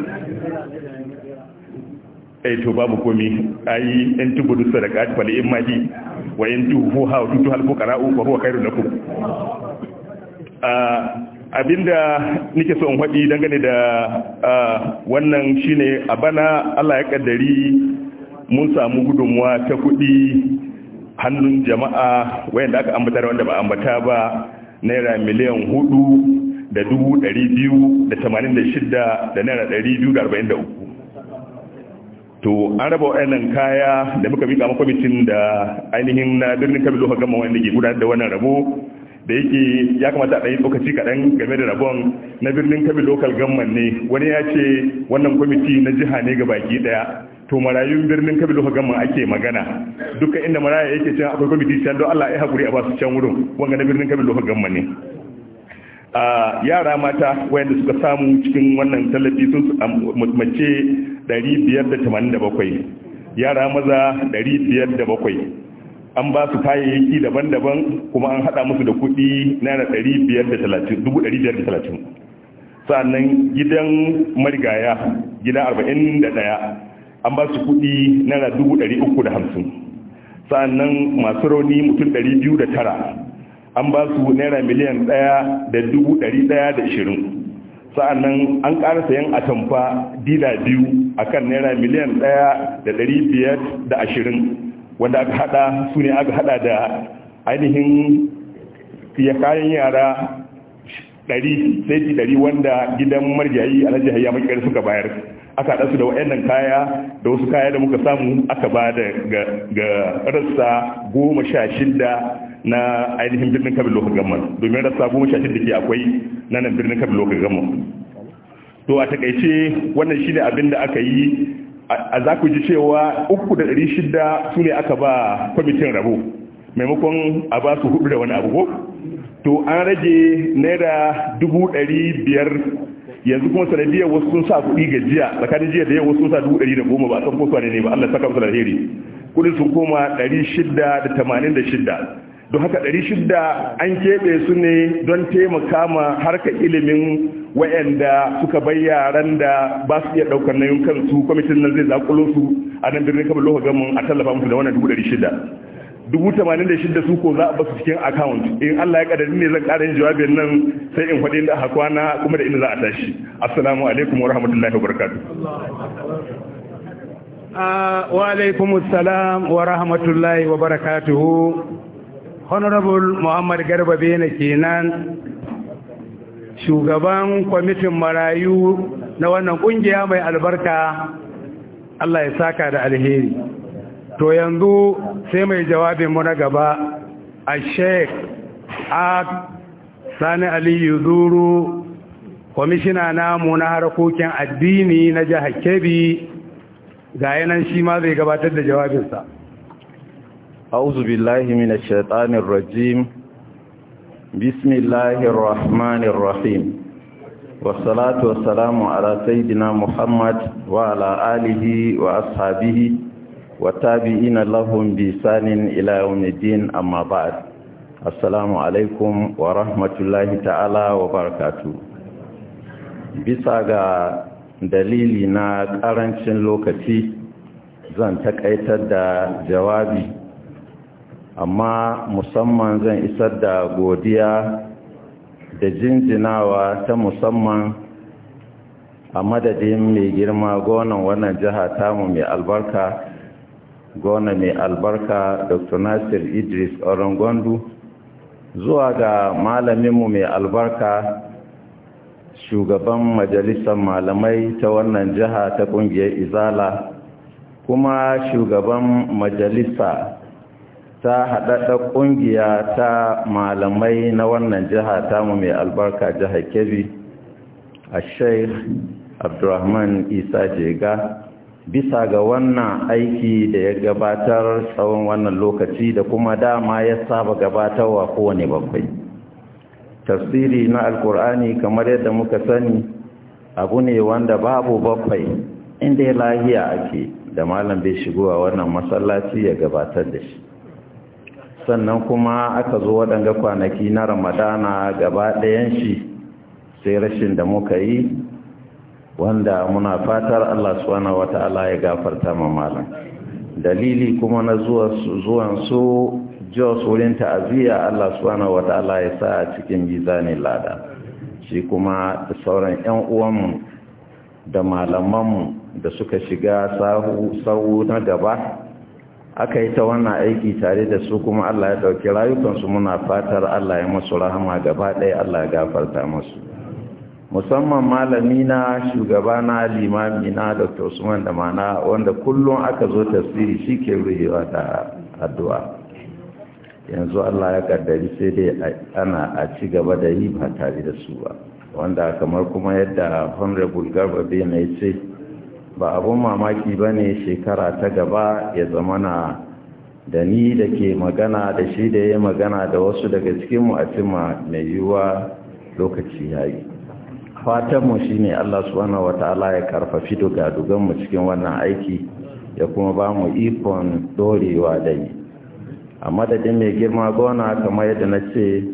ai eh, to babu komi ai in tubudu fali in immahi wa in hu ha tutu hal fuqara wa huwa khairun lakum ah, abinda nake so in faɗi dangane da ah, wannan shine a bana Allah ya kaddari mun samu gudunmuwa ta kuɗi hannun jama'a wayan da aka ambata da wanda ba ambata ba naira miliyan hudu da dubu dari biyu da tamanin da shida da naira dari biyu da arba'in da uku to an raba waɗannan kaya da muka mika ma kwamitin da ainihin na birnin kabilu ha gama wanda ke gudanar da wannan rabo da yake ya kamata a ɗaya lokaci kaɗan game da rabon na birnin kabi local ne wani ya ce wannan kwamiti na jiha ne ga baki ɗaya to marayun birnin kabilu duka gama ake magana duka inda maraya yake can akwai kwamiti can don Allah ya haƙuri a basu can wurin wanga na birnin kabilu duka gama ne yara mata wayanda suka samu cikin wannan tallafi sun mace 587 yara maza 507 an ba su kayayyaki daban-daban kuma an hada musu da kuɗi naira 530 sa'annan gidan marigaya gida 41 an ba su kuɗi naira dubu ɗari uku da hamsin sa'annan masu rauni mutum ɗari biyu da tara an ba su naira miliyan ɗaya da dubu ɗari ɗaya da ishirin sa'annan an ƙara sayan atamfa dila biyu a kan naira miliyan ɗaya da ɗari biyar da ashirin wanda aka haɗa su ne aka haɗa da ainihin ya kayan yara ɗari sai ɗari wanda gidan marjayi alhaji hayya makiyar suka bayar aka haɗa su da waɗannan kaya da wasu kaya da muka samu aka ba da ga rassa goma sha shida na ainihin birnin kabin lokacin gamman domin rassa goma sha shida ke akwai na nan birnin kabin lokacin gamman to a takaice wannan shine abin da aka yi a za ku ji cewa uku da ɗari shida su ne aka ba kwamitin rabo maimakon a ba su hudu da wani abu to an rage naira dubu ɗari biyar yanzu kuma sanadiyar wasu sun sa kuɗi ga jiya tsakanin jiya da yau wasu sun sa dubu ɗari da goma ba san kosuwa ne ba Allah saka musu alheri kuɗin sun koma ɗari shida da tamanin da shida don haka ɗari shida an keɓe su ne don taimaka ma harka ilimin wayanda suka bai yaran da ba su iya ɗaukar nayin kansu kwamitin nan zai zakulo su a nan birnin kamar lokacin a tallafa musu da wannan dubu ɗari shida dubu tamanin da shidda su ko za a basu cikin account in Allah ya kadari ne zan karin jawabin nan sai in faɗi da hakwana kuma da inda za a tashi assalamu alaikum wa rahmatullahi wa barakatuh uh, wa alaikum assalam wa rahmatullahi wa barakatuh honorable Muhammad Garba Bene kenan shugaban kwamitin marayu na wannan kungiya mai albarka Allah ya saka da alheri to yanzu sai mai jawabin mu na gaba a sheik a sani aliyu zuru kwamishina namu na harkokin addini na jihar kebi ga yanan shi ma zai gabatar da jawabinsa أعوذ mina shaitanin rajim. bismillahir rahmanir rahim. Wasalatu wasalamu ala sayidina muhammad wa ala alihi wa ashabihi والتابعين لهم بإحسان إلى يوم الدين أما بعد السلام عليكم ورحمة الله تعالى وبركاته bisa ga dalili na ƙarancin lokaci zan taƙaitar da jawabi amma musamman zan isar da godiya da jinjinawa ta musamman a madadin mai girma gonan wannan jiha tamu mai albarka gona mai albarka dr nasir idris orangondu zuwa ga malaminmu mai albarka shugaban majalisar malamai ta wannan jiha ta kungiyar izala kuma shugaban majalisa ta haɗaɗa ƙungiya ta malamai na wannan jiha tamu mai albarka jihar kebbi a sheikh abdurrahman isa jega bisa ga wannan aiki da ya gabatar tsawon wannan lokaci da kuma dama ya saba gabatarwa kowane bakwai tafsiri na alkur'ani kamar yadda muka sani abu ne wanda babu bakwai inda ya lahiya ake da malam bai shigowa wannan masallaci ya gabatar da shi sannan kuma aka zo waɗanga kwanaki na ramadana gaba ɗayan shi sai rashin da muka yi wanda muna fatar Allah subhanahu wata'ala ya gafarta ma malam dalili kuma na zuwan su jos wurin ta'aziyya Allah subhanahu wata'ala ya sa a cikin mizanin lada shi kuma da sauran ƴan uwanmu da malamanmu da suka shiga sahu na gaba aka yi ta wannan aiki tare da su kuma Allah ya ɗauki rayukansu muna fatar Allah ya masu rahama gaba ɗaya Allah ya gafarta masu musamman malami na shugaba na dr usman da mana wanda kullum aka zo tasiri shi ke ruhewa da addu'a yanzu allah ya kaddari sai dai ana a ci gaba da yi ba tare da su ba wanda kamar kuma yadda honorable garba bena ya ce ba abun mamaki ba ne shekara ta gaba ya zamana da ni da ke magana da shi da ya magana da wasu daga cikinmu a cima mai yiwuwa lokaci ya yi fatanmu shi ne Allah subhanahu wata'ala ya karfafi mu cikin wannan aiki ya kuma ba mu ikon dorewa da a madadin mai girma gona kamar yadda na ce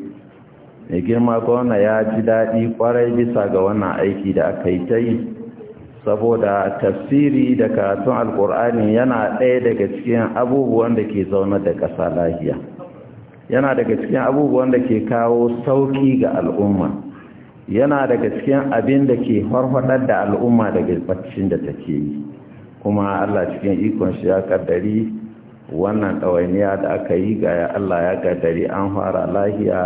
mai girma gona ya ji daɗi kwarai bisa ga wannan aiki da aka yi ta yi saboda tafsiri da karatun alkur'ani yana ɗaya daga cikin abubuwan da ke zaune da ƙasa lahiya yana daga cikin abubuwan da ke kawo sauƙi ga al'umma yana daga cikin abin da ke farfadar da al'umma daga baccin da take yi kuma Allah cikin ikon shi ya kaddari wannan ɗawainiya da aka yi ga Allah ya kaddari an fara lahiya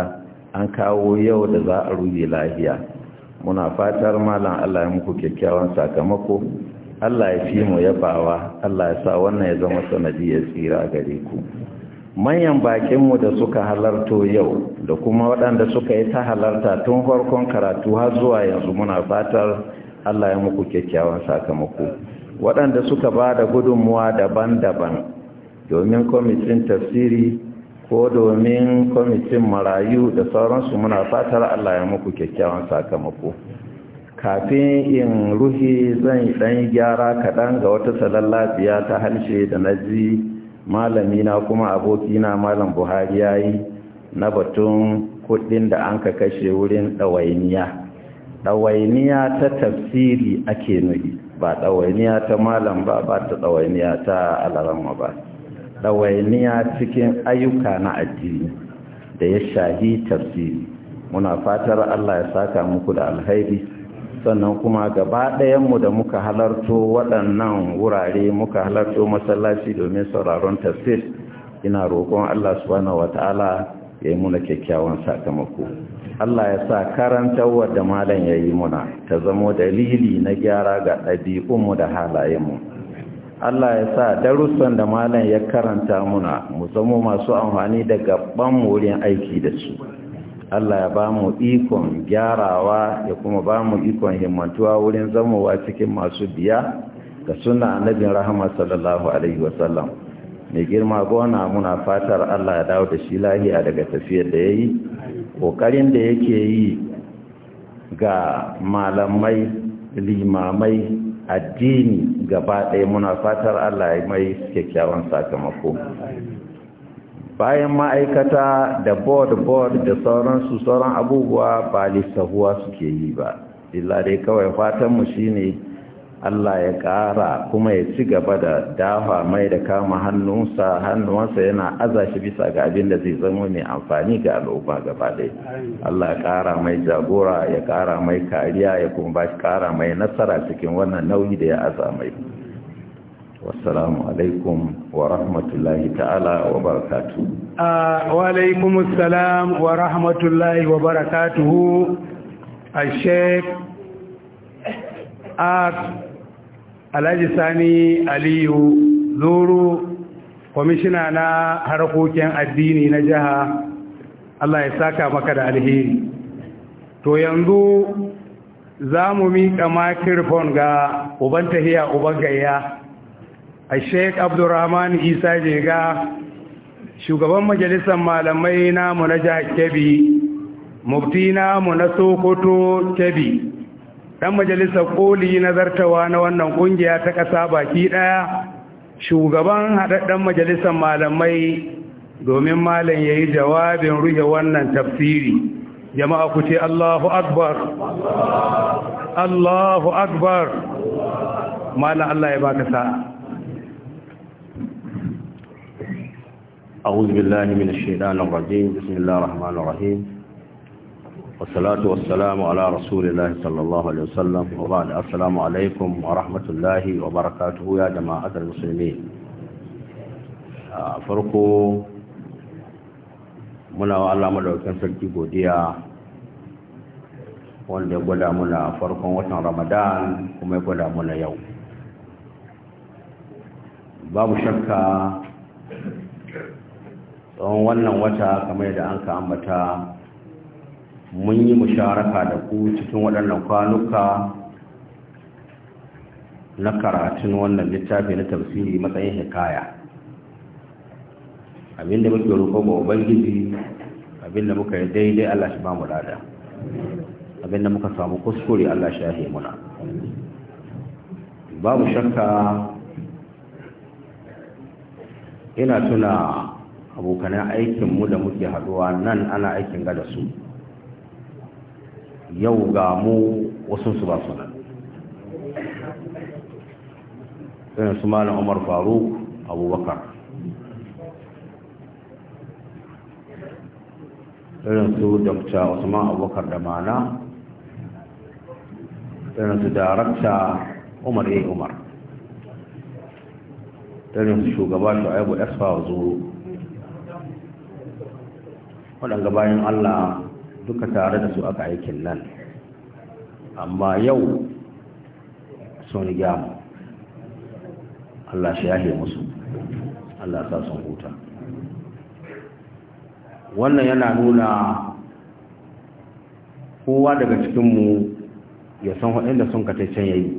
an kawo yau da za a ruge lahiya muna fatar malam Allah ya muku kyakkyawan sakamako Allah ya fi mu yabawa Allah ya sa wannan ya zama sanadi ya tsira gare ku manyan bakinmu da suka halarto yau da kuma waɗanda suka yi ta halarta tun farkon karatu har zuwa yanzu muna fatar Allah ya muku kyakkyawan sakamako waɗanda suka ba da gudunmuwa daban-daban domin kwamitin tafsiri ko domin kwamitin marayu da sauransu muna fatar Allah ya muku kyakkyawan sakamako kafin in ruhi zan ɗan gyara kaɗan ga wata salon lafiya ta harshe da na ji malami na kuma abokina malam buhari ya yi na batun kudin da an ka kashe wurin ɗawainiya ɗawainiya ta tafsiri ake nuhi ba ɗawainiya ta malam ba ba ta ɗawainiya ta alarama ba ɗawainiya cikin ayyuka na addini da ya shahi tafsiri muna fatar allah ya saka muku da alhairi sannan kuma gaba ɗayanmu da muka halarto waɗannan wurare muka halarto masallaci domin sauraron tafsir ina roƙon Allah subhanahu wata'ala ya yi muna kyakkyawan sakamako Allah ya sa karantarwar da malam ya yi muna ta zamo dalili na gyara ga ɗabi'unmu da halayenmu Allah ya sa darussan da malam ya karanta muna mu zamo masu amfani da gaban wurin aiki da su Allah ya ba mu ikon gyarawa ya kuma ba mu ikon himmantuwa wurin zamowa cikin masu biya ga suna annabin rahama sallallahu alaihi wasallam mai girma gona muna fatar Allah ya dawo da shi lahiya daga tafiyar da ya yi ƙoƙarin da yake yi ga malamai limamai addini gaba ɗaya muna fatar Allah ya mai kyakkyawan sakamako bayan ma'aikata da board-board da sauransu sauran abubuwa ba lissahuwa suke yi ba illa dai kawai fatanmu shi ne allah ya ƙara kuma ya ci gaba da dafa mai da kama hannunsa hannunsa yana azashi bisa ga abin da zai zama mai amfani ga al'umma gaba dai allah ya ƙara mai jagora ya ƙara mai kariya ya kuma ba shi ƙara mai nasara cikin wannan nauyi da ya aza mai wassalamu alaikum wa rahmatullahi ta'ala wa barakatu wa alaikum assalam wa rahmatullahi wa barakatu Hu, al-sheikh alhaji sani aliyu zuru kwamishina na harkokin addini na jiha Allah ya saka maka da alheri to yanzu za mu miƙa makirfon ga uban tahiya uban gayya a sheik abdurrahman isa jega shugaban majalisar malamai namu na jihar kebbi mufti namu na sokoto kebbi ɗan majalisar koli na zartawa na wannan ƙungiya ta ƙasa baki ɗaya shugaban haɗaɗɗen majalisar malamai domin malam ya yi jawabin ruhe wannan tafsiri jama'a ku ce allahu akbar allahu akbar malam allah ya baka sa'a أعوذ بالله من الشيطان الرجيم بسم الله الرحمن الرحيم والصلاة والسلام على رسول الله صلى الله عليه وسلم وبعد السلام عليكم ورحمة الله وبركاته يا جماعة المسلمين آه، فرقو منا وعلى مدوكين سلكي بوديا wanda يقول منا فرقوا وطن رمضان وما kuma منا يوم باب yau tsawon wannan wata kamar da an ka ambata mun yi musharaka da ku cikin waɗannan kwanuka na karatun wannan littafi na tafsiri matsayin hikaya abinda muke roƙo ga ubangiji abinda muka yi daidai Allah shi ba mu lada abinda muka samu kuskure Allah shi ya muna babu shakka ina tuna abokanan aikinmu da muke haduwa nan ana aikin ga da su yau ga mu wasu su ba su nan irin su malam umar faruk abubakar irin su dr usman abubakar da mana irin su darakta umar ya umar irin su shugaba shu'aibu esfa zuwa. waɗanda bayan Allah duka tare da su aka aikin nan amma yau sun Allah shi yahe musu Allah sa sun huta wannan yana nuna kowa daga cikinmu ya san da sun kata can yayi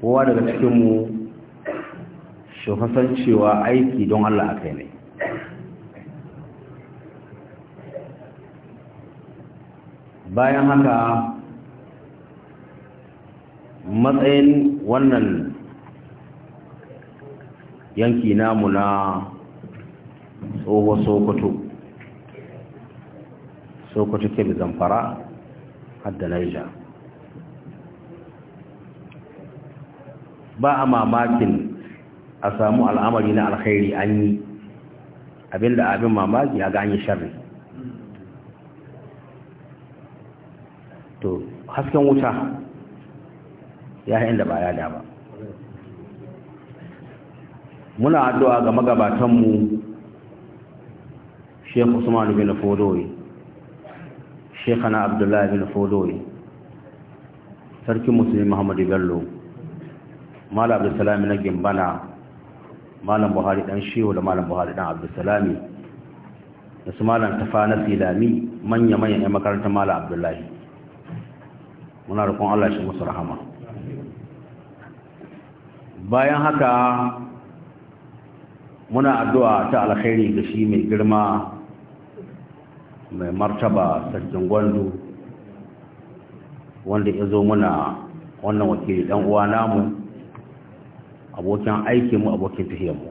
kowa daga cikinmu shi cewa aiki don Allah a kai ne bayan haka matsayin wannan yanki namu na tsoho sokoto sokoto ke zamfara hadda naija ba a mamakin a samu al'amari na alkhairi an yi abinda abin mamaki a ganye sharri to hasken wuta ya inda ba ya da ba muna addu'a ga magabatanmu Sheikh Usman bin Fodoyi Sheikhana Abdullahi bin Fodoyi Sarki Musulmi Muhammadu Bello Malam Abdulsalami na Gimbana Malam Buhari dan Shehu da Malam Buhari dan Abdulsalami da su Malam Tafa na Silami manya-manyan makarantar Malam Abdullahi muna roƙon Allah shi musu rahama bayan haka muna addu'a ta alkhairi ga shi mai girma mai martaba sarkin gwandu wanda ya zo muna wannan wakili dan uwa namu abokin aiki mu abokin mu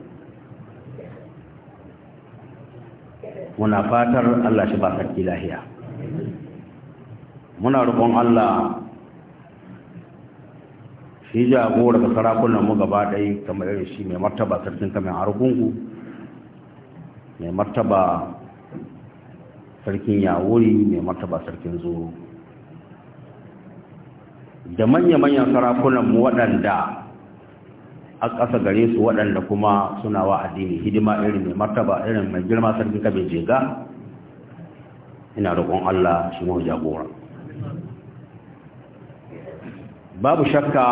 muna fatar Allah shi ba sarki lahiya muna roƙon Allah A gowar da sarakunan mu gaba ɗaya kamar irin shi mai martaba sarkin kamar argungu mai martaba sarkin yawuri mai martaba sarkin zuru da manya-manyan sarakunan mu waɗanda a ƙasa gare su waɗanda kuma suna wa addini hidima irin mai martaba irin mai girma sarkin kamar jega ina roƙon Allah shi mu jagora babu shakka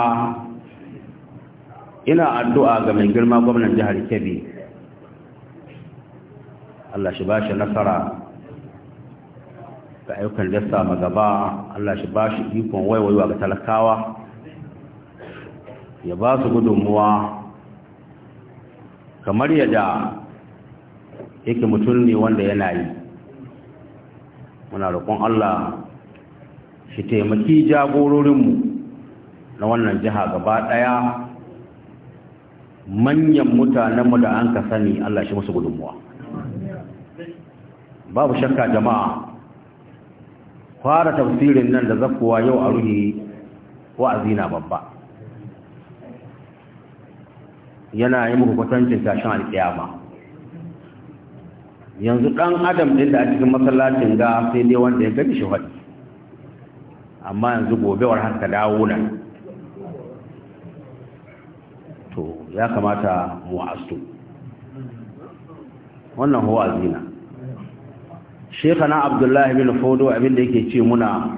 ina addu'a ga mai girma gwamnan jihar kebbi Allah shi ba shi nasara ga ayyukan ma gaba. Allah shi ba shi ikon waiwaiwa ga talakawa ya ba su gudunmuwa kamar yadda yake mutum ne wanda yana yi muna roƙon Allah shi taimaki jagororinmu na wannan jiha gaba ɗaya manyan mutanenmu da an ka sani Allah shi musu gudunmuwa babu shakka jama'a fara tafsirin nan da zakuwa yau a ruhi wa'azi na babba yana yi muku kwatancin tashin alkiyama yanzu ɗan adam ɗin da a cikin masallacin ga sai dai wanda ya gani shi faɗi amma yanzu gobe war haka dawo nan ya kamata mu astu wannan huwa azina shekana abdullahi bin fodo abinda yake ce muna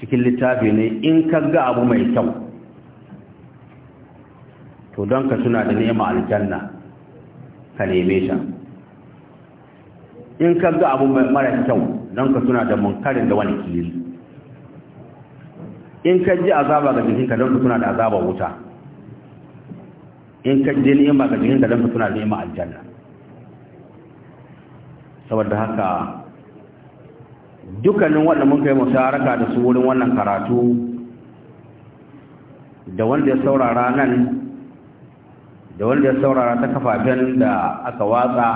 cikin littafi ne in ka ga abu mai kyau to don ka tuna da ni'ima aljanna ka neme ta in ka ga abu mara kyau don ka tuna da munkarin da wani kiri in ka ji azaba ga jikinka don ka tuna da azaba wuta in ka je ba ka jikin gadanka suna ni'ima aljanna saboda haka dukkanin wanda mun kai musaraka da su wurin wannan karatu da wanda ya saurara nan da wanda ya saurara ta kafafen da aka watsa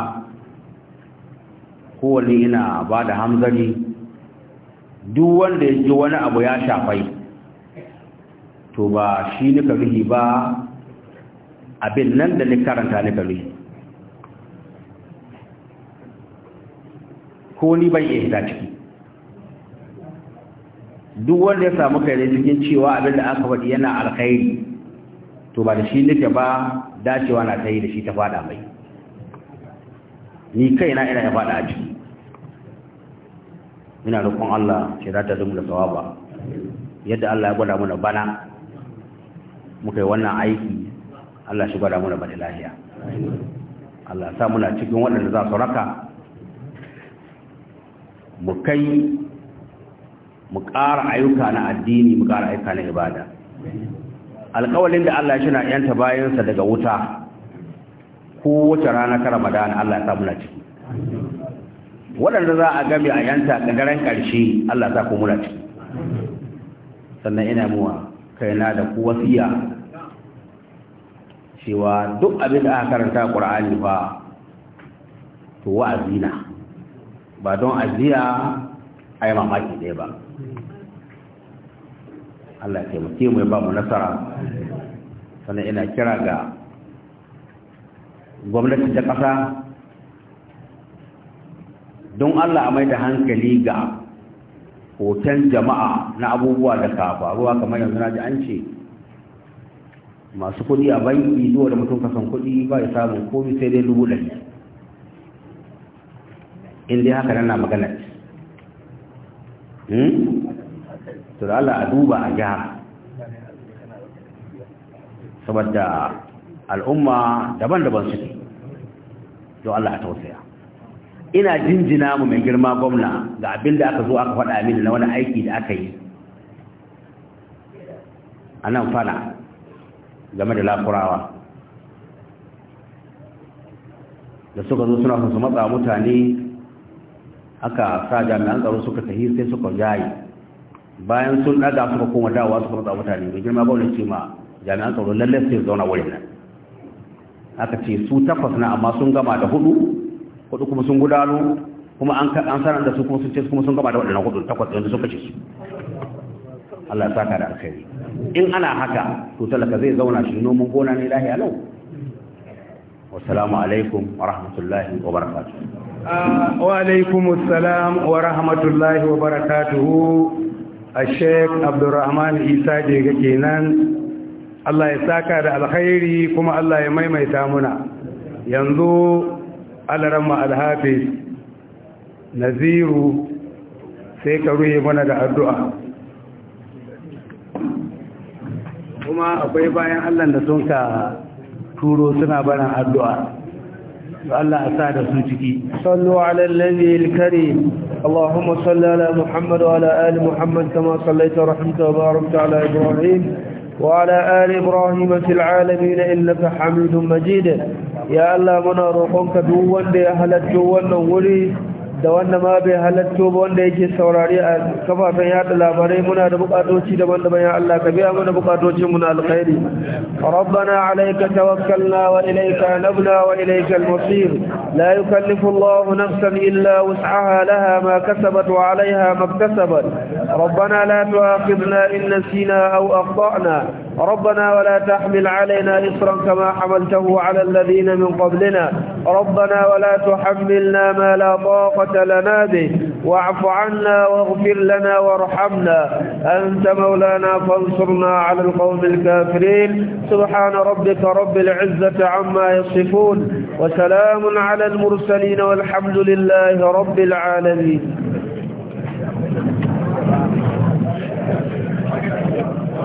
kowane ina ba da hamzari duk wanda ya ji wani abu ya shafai to ba shi nika rihi ba abin nan da ni karanta ni kalli ko ni ban iya hita ciki duk wanda ya samu kai ne cikin cewa abin da aka faɗi yana alkhairi to ba da shi nake ba dacewa na ta yi da shi ta faɗa mai ni kai na ina ya fada a ciki ina roƙon Allah ya rata mu da sawaba yadda Allah ya gwada mana bana muka yi wannan aiki Allah shi gwada muna bada lahiya Allah sa muna cikin waɗanda za su raka mu kai mu ƙara ayyuka na addini mu ƙara ayyuka na ibada alƙawalin da Allah shi na yanta bayansa daga wuta ko kowace rana ta Ramadan Allah ya sa muna ciki waɗanda za a gami a yanta daren ƙarshe Allah sa ku muna ciki sannan ina muwa kaina da ku wasiya cewa duk abin da aka karanta Al-Qur'ani ba to wa'azi na ba don aziya a yi mamaki ɗaya ba Allah ya taimake mu ya ba mu nasara sannan ina kira ga gwamnati ta ƙasa don Allah a mai da hankali ga hoton jama'a na abubuwa da kafa kamar yanzu na ji an ce masu kuɗi a banki zuwa da mutum kasan kuɗi ba ya samun komi sai dai dubu ɗari in dai haka nan magana hmm? to da Allah a duba a jihar saboda al'umma daban-daban suke don Allah a tausaya ina jinjina mu mai girma gwamna ga abin da aka zo aka faɗa mini na wani aiki da aka yi a nan fana game da lafurawa da suka zo suna su matsa mutane aka sa jami'an tsaro suka tafi sai suka jaye bayan sun daga suka koma dawa suka matsa mutane da girma baunin ce ma jami'an tsaro lallai sai zauna wurin nan aka ce su takwas na amma sun gama da hudu hudu kuma sun gudano kuma an sanar da su kuma sun ce kuma sun gama da waɗannan hudu takwas yanzu suka ce su Allah saka da alkhairi in ana haka to talaka zai zauna shi noman gona ne lahiya lau wassalamu alaikum wa rahmatullahi wa barakatuh ah, wa alaikum assalam wa rahmatullahi wa barakatuh Sheikh Abdurrahman Isa je kenan Allah ya saka da alkhairi kuma Allah ya maimaita muna yanzu alaramma alhafiz naziru sai ka ruhe mana da addu'a kuma akwai bayan allah da sun ka turo suna barin addu'a Allah a sa da su ciki sallu ala alladhi al-karim allahumma salli ala muhammad wa ala ali muhammad kama sallaita wa rahimta wa barakta ala ibrahim wa ala ali ibrahim a fil na innaka hamidum majid ya allah muna roƙonka duk wanda ya halatto wannan wuri da wanda ma bai halatto ba wanda yake saurari a kafafen yada labarai muna da bukatoci daban-daban ya Allah ka biya mana bukatocin mu na alkhairi rabbana alayka tawakkalna wa ilayka nabna wa ilayka al-masir la yukallifu nafsan illa wus'aha laha ma kasabat wa 'alayha ma iktasabat rabbana la tu'akhidhna in nasina aw akhtana ربنا ولا تحمل علينا إصرا كما حملته على الذين من قبلنا ربنا ولا تحملنا ما لا طاقة لنا به واعف عنا واغفر لنا وارحمنا أنت مولانا فانصرنا على القوم الكافرين سبحان ربك رب العزة عما يصفون وسلام على المرسلين والحمد لله رب العالمين